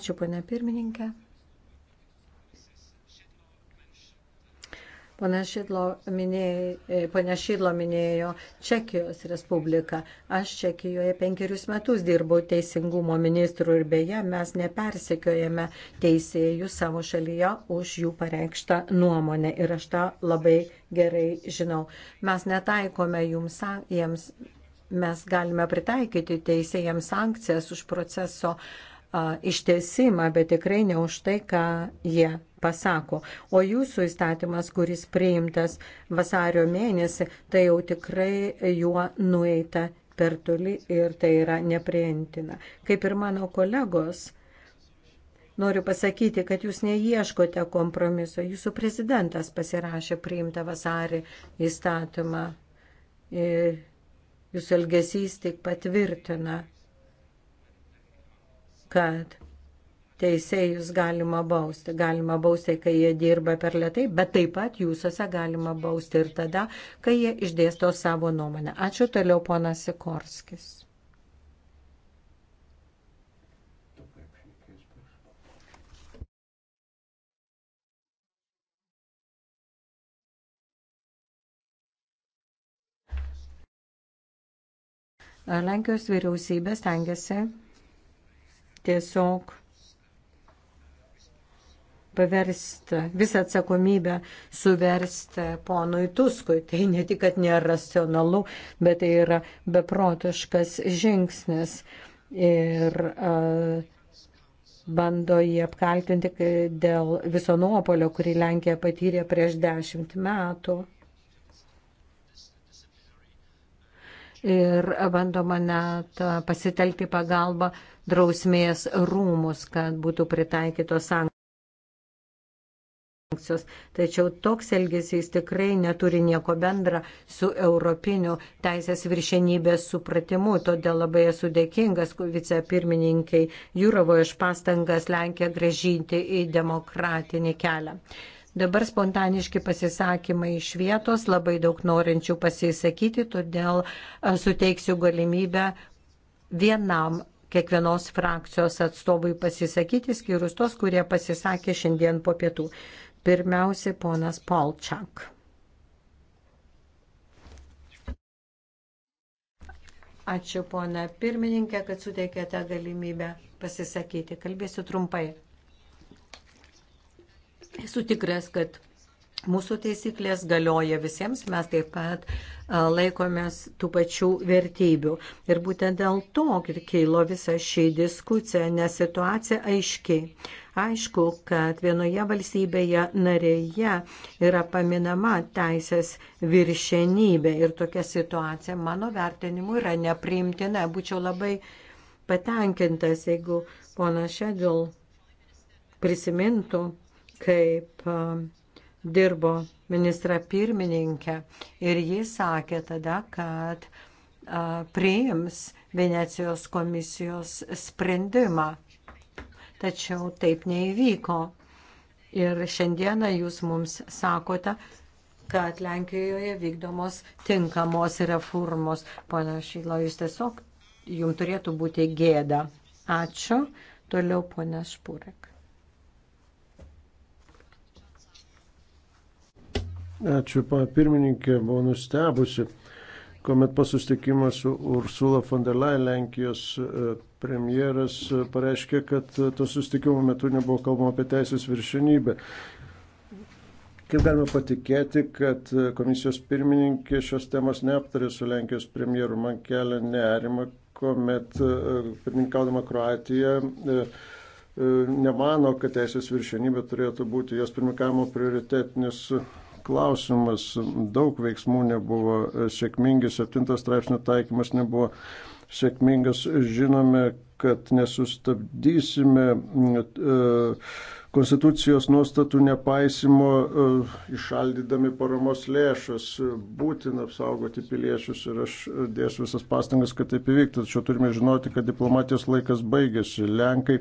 Ačiū, ponė pirmininkė. Pane Šidlo minėjo, e, pane Šidlo minėjo Čekijos Respubliką. Aš Čekijoje penkerius metus dirbau teisingumo ministru ir beje mes nepersekiojame teisėjų savo šalyje už jų pareikštą nuomonę ir aš tą labai gerai žinau. Mes netaikome jums, jiems mes galime pritaikyti teisėjams sankcijas už proceso ištesimą, bet tikrai ne už tai, ką jie pasako. O jūsų įstatymas, kuris priimtas vasario mėnesį, tai jau tikrai juo nueita per toli ir tai yra nepriimtina. Kaip ir mano kolegos, noriu pasakyti, kad jūs neieškote kompromiso. Jūsų prezidentas pasirašė priimtą vasarį įstatymą ir jūsų elgesys tik patvirtina kad teisėjus galima bausti. Galima bausti, kai jie dirba per lietai, bet taip pat jūsose galima bausti ir tada, kai jie išdėsto savo nuomonę. Ačiū toliau, ponas Sikorskis. Lenkijos vyriausybė stengiasi tiesiog paversti, visą atsakomybę suversti ponui Tuskui. Tai ne tik, kad nėra racionalu, bet tai yra beprotiškas žingsnis. Ir uh, bando jį apkaltinti dėl viso nuopolio, kurį Lenkija patyrė prieš dešimt metų. Ir bando mane pasitelkti pagalbą drausmės rūmus, kad būtų pritaikytos sankcijos. Tačiau toks elgesys tikrai neturi nieko bendra su europiniu teisės viršenybės supratimu. Todėl labai esu dėkingas vicepirmininkai Jūrovoje iš pastangas Lenkiją gražinti į demokratinį kelią. Dabar spontaniški pasisakymai iš vietos, labai daug norinčių pasisakyti, todėl e, suteiksiu galimybę vienam kiekvienos frakcijos atstovui pasisakyti, skyrus tos, kurie pasisakė šiandien po pietų. Pirmiausia, ponas Polčak. Ačiū, pona pirmininkė, kad suteikėte galimybę pasisakyti. Kalbėsiu trumpai. Esu tikras, kad Mūsų taisyklės galioja visiems, mes taip pat laikomės tų pačių vertybių. Ir būtent dėl to kilo visa ši diskusija, nes situacija aiški. Aišku, kad vienoje valstybėje narėje yra paminama teisės viršenybė ir tokia situacija mano vertinimu yra nepriimtina. Būčiau labai patenkintas, jeigu ponas Šedil prisimintų, kaip uh, dirbo ministra pirmininkė ir jis sakė tada, kad a, priims Venecijos komisijos sprendimą. Tačiau taip neįvyko. Ir šiandieną jūs mums sakote, kad Lenkijoje vykdomos tinkamos reformos. Pana Šyla, jūs tiesiog, jums turėtų būti gėda. Ačiū. Toliau ponas Špūrek. Ačiū, pana pirmininkė, buvau nustebusi, kuomet pasustikimas su Ursula von der Leyen, Lenkijos e, premjeras, e, pareiškė, kad e, to sustikimo metu nebuvo kalbama apie teisės viršinybę. Kaip galima patikėti, kad komisijos pirmininkė šios temos neaptarė su Lenkijos premjeru, man kelia nerima, kuomet pirmininkaudama Kroatiją nemano, kad teisės viršinybė turėtų būti jos pirmininkavimo prioritetinis klausimas. Daug veiksmų nebuvo sėkmingi, septintas straipsnio taikymas nebuvo sėkmingas. Žinome, kad nesustabdysime e, konstitucijos nuostatų nepaisimo, e, išaldydami paramos lėšas. Būtina apsaugoti piliečius ir aš dėsiu visas pastangas, kad taip įvyktų. Tačiau turime žinoti, kad diplomatijos laikas baigėsi. Lenkai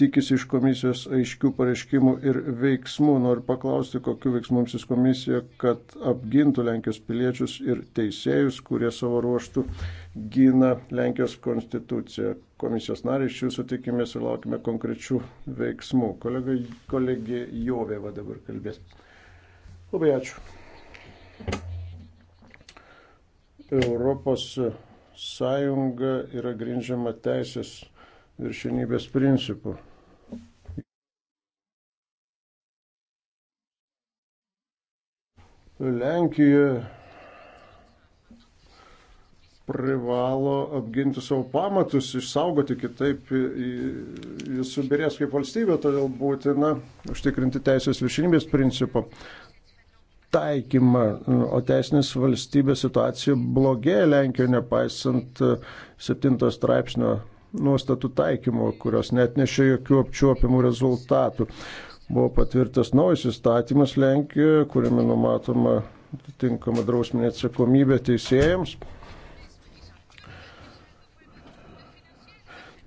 tikisi iš komisijos aiškių pareiškimų ir veiksmų. Noriu paklausti, kokiu veiksmu imsis komisija, kad apgintų Lenkijos piliečius ir teisėjus, kurie savo ruoštų gina Lenkijos konstituciją. Komisijos nariai iš jūsų tikimės ir laukime konkrečių veiksmų. Kolega, kolegė Jovėva dabar kalbės. Labai ačiū. Europos sąjunga yra grindžiama teisės viršinybės principų. Lenkija privalo apginti savo pamatus, išsaugoti kitaip, jis subirės kaip valstybė, todėl būtina užtikrinti teisės viršinybės principą taikymą, o teisinės valstybės situacija blogėja Lenkijoje, nepaisant 7 straipsnio nuostatų taikymo, kurios net nešia jokių apčiuopimų rezultatų. Buvo patvirtas naujas įstatymas Lenkijoje, kuriame numatoma atitinkama drausminė atsakomybė teisėjams.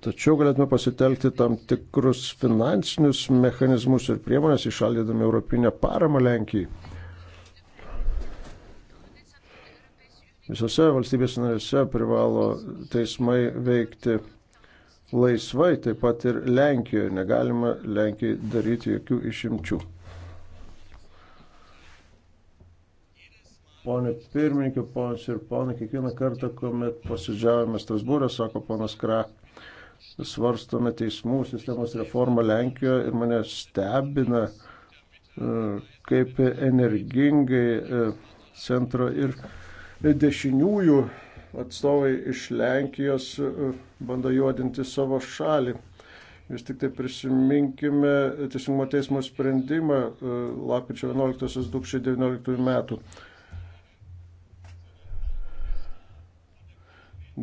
Tačiau galėtume pasitelkti tam tikrus finansinius mechanizmus ir priemonės, išaldydami europinę paramą Lenkijai. Visose valstybės narėse privalo teismai veikti laisvai, taip pat ir Lenkijoje. Negalima Lenkijai daryti jokių išimčių. Pone pirmininkė, ponas ir ponai, kiekvieną kartą, kuomet posėdžiavame Strasbūrę, sako ponas Kra, svarstome teismų sistemos reformą Lenkijoje ir mane stebina, e, kaip energingai e, centro ir dešiniųjų atstovai iš Lenkijos e, bando juodinti savo šalį. Vis tik tai prisiminkime Teisingumo teismo sprendimą e, lapkričio 11-2019 metų.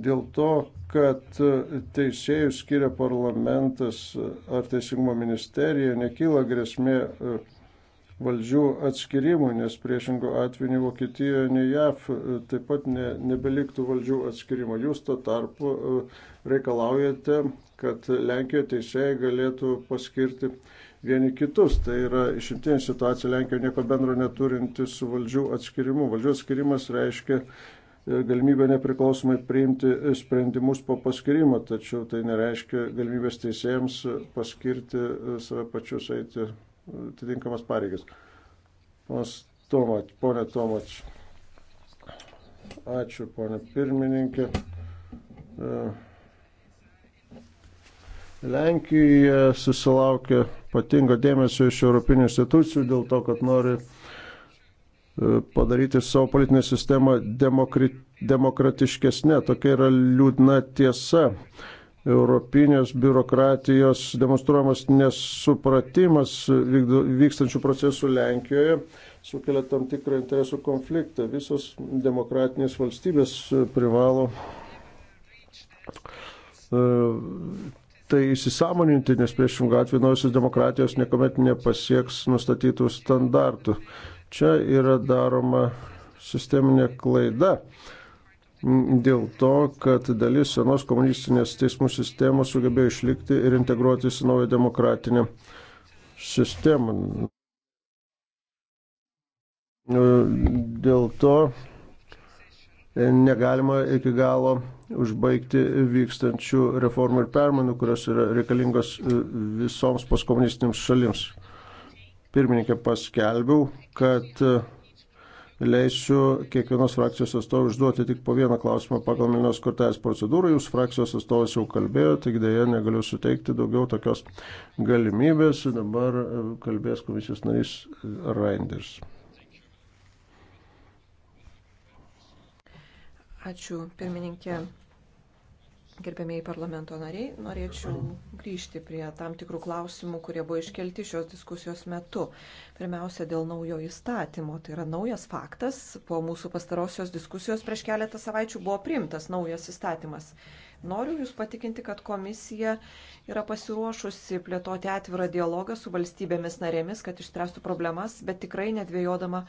Dėl to, kad teisėjus skiria parlamentas ar Teisingumo ministerija, nekyla grėsmė e, valdžių atskirimui, nes priešingų atveju nei Vokietijoje, nei JAV e, taip pat ne, nebeliktų valdžių atskirimo. Jūs to tarpu e, reikalaujate, kad Lenkijoje teisėjai galėtų paskirti vieni kitus. Tai yra išimtinė situacija Lenkijoje nieko bendro neturinti su valdžių atskirimu. Valdžių atskirimas reiškia e, galimybę nepriklausomai priimti sprendimus po paskirimo, tačiau tai nereiškia galimybės teisėjams paskirti save pačius eiti atitinkamas pareigas. Ponas Tomač, ponė Tomač. Ačiū, ponė pirmininkė. E, Lenkijoje susilaukė patingo dėmesio iš Europinių institucijų dėl to, kad nori e, padaryti savo politinę sistemą demokratiškesnė. Tokia yra liūdna tiesa europinės biurokratijos demonstruojamas nesupratimas vykstančių procesų Lenkijoje sukelia tam tikrą interesų konfliktą. Visos demokratinės valstybės privalo e, tai įsisamoninti, nes priešingų atveju naujasis demokratijos niekuomet nepasieks nustatytų standartų. Čia yra daroma sisteminė klaida. Uh, dėl to, kad dalis senos komunistinės teismų sistemos sugebėjo išlikti ir integruotis į naują demokratinę sistemą. E, dėl to e, negalima iki galo užbaigti vykstančių reformų ir permainų, kurios yra reikalingos e, visoms paskomunistinėms šalims. Pirmininkė paskelbiau, kad leisiu kiekvienos frakcijos atstovui užduoti tik po vieną klausimą pagal Milnios kortelės procedūrą. Jūsų frakcijos atstovas jau kalbėjo, tik dėja negaliu suteikti daugiau tokios galimybės. Dabar e, kalbės komisijos narys Reinders. Ačiū, pirmininkė. Gerbėmiai parlamento nariai, norėčiau grįžti prie tam tikrų klausimų, kurie buvo iškelti šios diskusijos metu. Pirmiausia, dėl naujo įstatymo. Tai yra naujas faktas. Po mūsų pastarosios diskusijos prieš keletą savaičių buvo priimtas naujas įstatymas. Noriu Jūs patikinti, kad komisija yra pasiruošusi plėtoti atvirą dialogą su valstybėmis narėmis, kad išspręstų problemas, bet tikrai nedvėjodama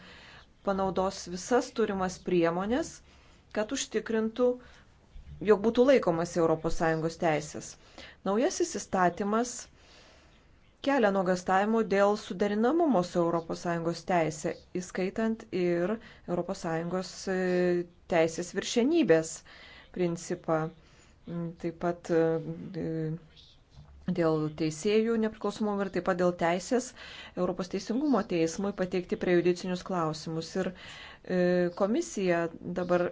panaudos visas turimas priemonės, kad užtikrintų jog būtų laikomas ES teisės. Naujasis įstatymas kelia nuogastavimų dėl suderinamumo su ES teisė, įskaitant ir ES e, teisės viršenybės principą. Mm, taip pat e, dėl teisėjų nepriklausomumo ir taip pat dėl teisės Europos teisingumo teismui pateikti prejudicinius klausimus. Ir e, komisija dabar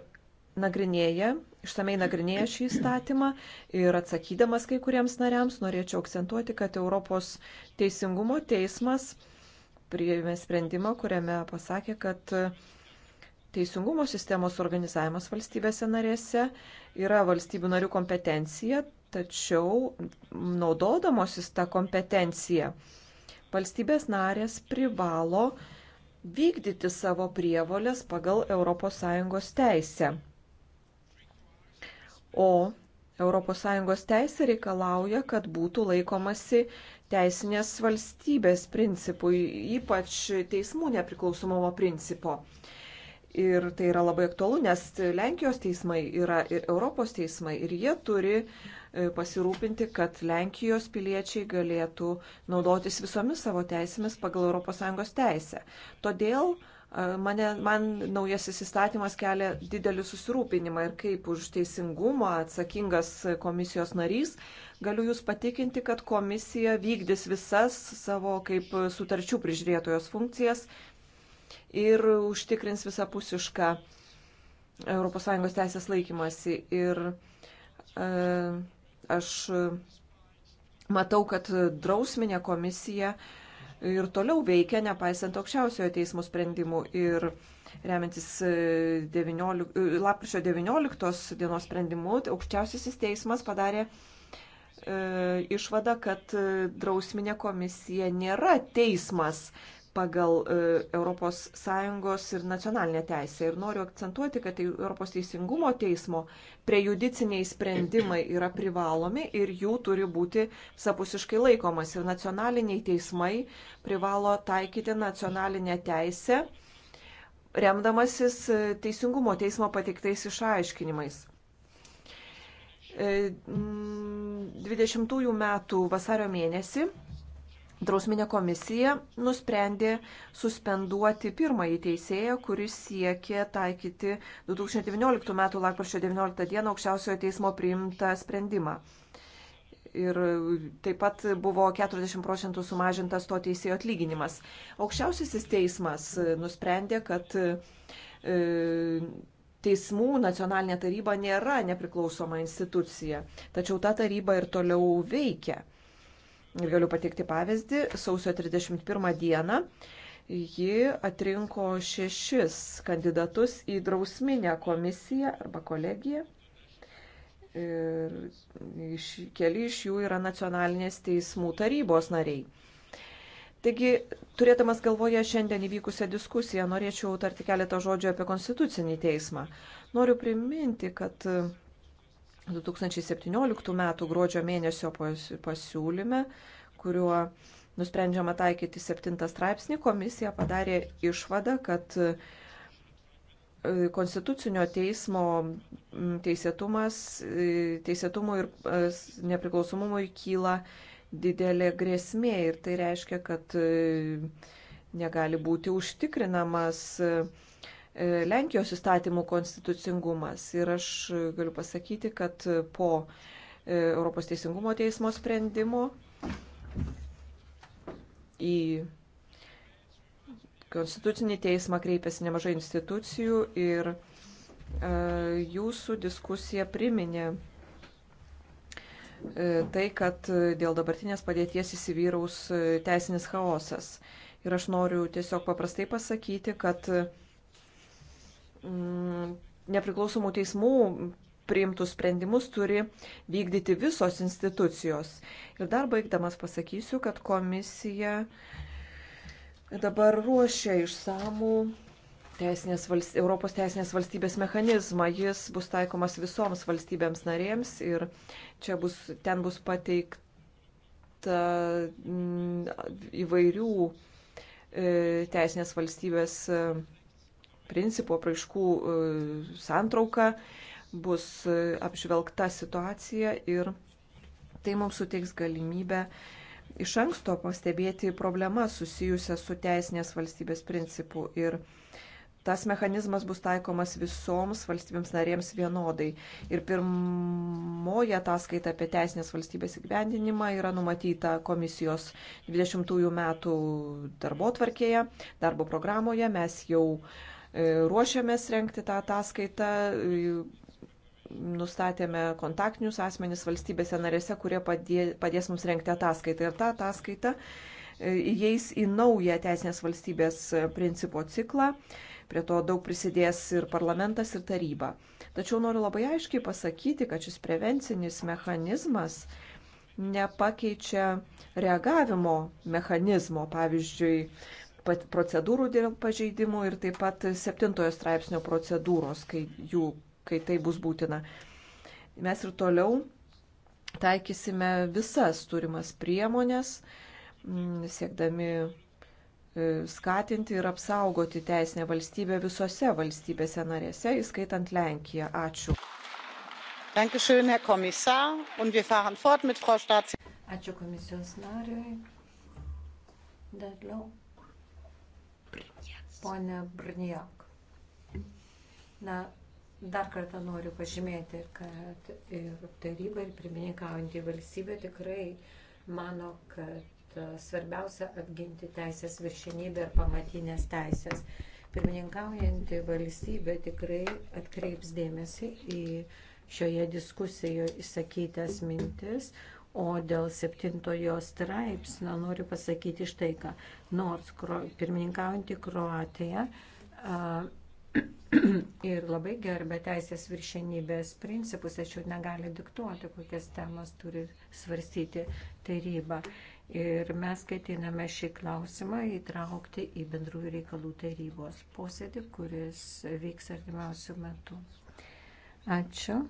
nagrinėja išsamei nagrinėję šį įstatymą ir atsakydamas kai kuriems nariams norėčiau akcentuoti, kad Europos teisingumo teismas priėmė sprendimą, kuriame pasakė, kad teisingumo sistemos organizavimas valstybėse narėse yra valstybių narių kompetencija, tačiau naudodamosis tą kompetenciją valstybės narės privalo vykdyti savo prievolės pagal ES teisę o ES teisė reikalauja, kad būtų laikomasi teisinės valstybės principų, ypač teismų nepriklausomumo principo. Ir tai yra labai aktualu, nes Lenkijos teismai yra ir Europos teismai, ir jie turi e, pasirūpinti, kad Lenkijos piliečiai galėtų naudotis visomis savo teisėmis pagal ES teisę. Todėl uh, Mane, man naujasis įstatymas kelia didelį susirūpinimą ir kaip už teisingumą atsakingas komisijos narys galiu Jūs patikinti, kad komisija vykdys visas savo kaip sutarčių prižiūrėtojos funkcijas ir užtikrins visapusišką ES teisės laikymasi. Ir e, aš matau, kad drausminė komisija e, ir toliau veikia, nepaisant aukščiausiojo teismo sprendimų. Ir remiantis 19, e, e, lapkričio 19 dienos sprendimu, aukščiausiasis teismas padarė e, išvadą, kad e, drausminė komisija nėra teismas, pagal ES ir nacionalinę teisę. Ir noriu akcentuoti, kad tai Europos teisingumo teismo prejudiciniai sprendimai yra privalomi ir jų turi būti sapusiškai laikomas. Ir nacionaliniai teismai privalo taikyti nacionalinę teisę, remdamasis e, teisingumo teismo pateiktais išaiškinimais. 20 e, metų vasario mėnesį drausminė komisija nusprendė suspenduoti pirmąjį teisėją, kuris siekė taikyti 2019 m. lakvarčio 19 d. aukščiausiojo teismo priimtą sprendimą. Ir taip pat buvo 40 procentų sumažintas to teisėjo atlyginimas. Aukščiausiasis teismas nusprendė, kad e, teismų nacionalinė taryba nėra nepriklausoma institucija, tačiau ta taryba ir toliau veikia. Ir galiu pateikti pavyzdį. Sausio 31 dieną ji atrinko šešis kandidatus į drausminę komisiją arba kolegiją. Ir iš, keli iš jų yra nacionalinės teismų tarybos nariai. Taigi, turėdamas galvoje šiandien įvykusią diskusiją, norėčiau tarti keletą žodžių apie konstitucinį teismą. Noriu priminti, kad 2017 m. gruodžio mėnesio pasiūlyme, kuriuo nusprendžiama taikyti 7 straipsnį, komisija padarė išvadą, kad e, Konstitucinio teismo teisėtumas, e, teisėtumui ir e, nepriklausomumui kyla didelė grėsmė ir tai reiškia, kad negali būti užtikrinamas E, Lenkijos įstatymų konstitucingumas. Ir aš galiu pasakyti, kad po e, Europos Teisingumo teismo sprendimo į konstitucinį teismą kreipėsi nemažai institucijų ir e, jūsų diskusija priminė tai, kad dėl dabartinės padėties įsivyraus teisinis chaosas. Ir aš noriu tiesiog paprastai pasakyti, kad Mm, nepriklausomų teismų priimtus sprendimus turi vykdyti visos institucijos. Ir dar baigdamas pasakysiu, kad komisija dabar ruošia išsamų teisinės valst... Europos teisinės valstybės mechanizmą. Jis bus taikomas visoms valstybėms narėms ir čia bus, ten bus pateikta mm, įvairių e, teisinės valstybės principų apraiškų e, santrauka, bus e, apžvelgta situacija ir tai mums suteiks galimybę iš anksto pastebėti problemas susijusias su teisinės valstybės principu. Ir tas mechanizmas bus taikomas visoms valstybėms narėms vienodai. Ir pirmoji ataskaita apie teisinės valstybės įgyvendinimą yra numatyta komisijos 20 metų darbo tvarkėje, darbo programoje. Mes jau uh, E, ruošiamės renkti tą ataskaitą, e, nustatėme kontaktinius asmenis valstybėse narėse, kurie padės mums renkti ataskaitą. Ir ta ataskaita e, įeis į naują teisinės valstybės principo ciklą. Prie to daug prisidės ir parlamentas, ir taryba. Tačiau noriu labai aiškiai pasakyti, kad šis prevencinis mechanizmas nepakeičia reagavimo mechanizmo. Pavyzdžiui, procedūrų dėl pažeidimų ir taip pat septintojo straipsnio procedūros, kai, jų, kai tai bus būtina. Mes ir toliau taikysime visas turimas priemonės, mm, siekdami e, skatinti ir apsaugoti teisinę valstybę visose valstybėse narėse, įskaitant Lenkiją. Ačiū. Dankeschön, Herr Kommissar. Und wir fahren fort mit Frau Staats. Ačiū komisijos nariui. Dar lauk. Pone Brnijok. Na, dar kartą noriu pažymėti, kad ir taryba, ir pirmininkaujantį valstybę tikrai mano, kad e, svarbiausia apginti teisės viršinybę ir pamatinės teisės. Pirmininkaujantį valstybę tikrai atkreips dėmesį į šioje diskusijoje išsakytas mintis. Uh, O dėl septintojo straipsnio noriu pasakyti štai ką. Nors kro, pirmininkaujantį Kroatiją a, ir labai gerbė teisės viršenybės principus, tačiau negali diktuoti, kokias temas turi svarstyti taryba. Ir mes ketiname šį klausimą įtraukti į bendrųjų reikalų tarybos posėdį, kuris vyks artimiausių metų. Ačiū.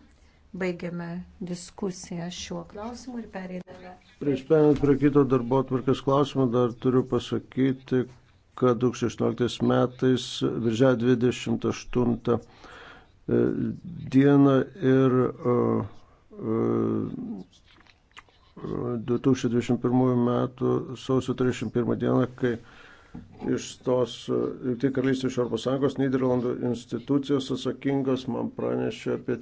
Baigiame diskusiją šiuo klausimu ir pereidame. Prieš perėmant prie kito darbo atvarkės klausimą, dar turiu pasakyti, kad 2016 metais, virželio 28 e, dieną ir uh, uh, 2021 metų sausio 31 dieną, kai iš tos e, Junktinė karalystė iš Europos Sąjungos Niderlandų institucijos atsakingos man pranešė apie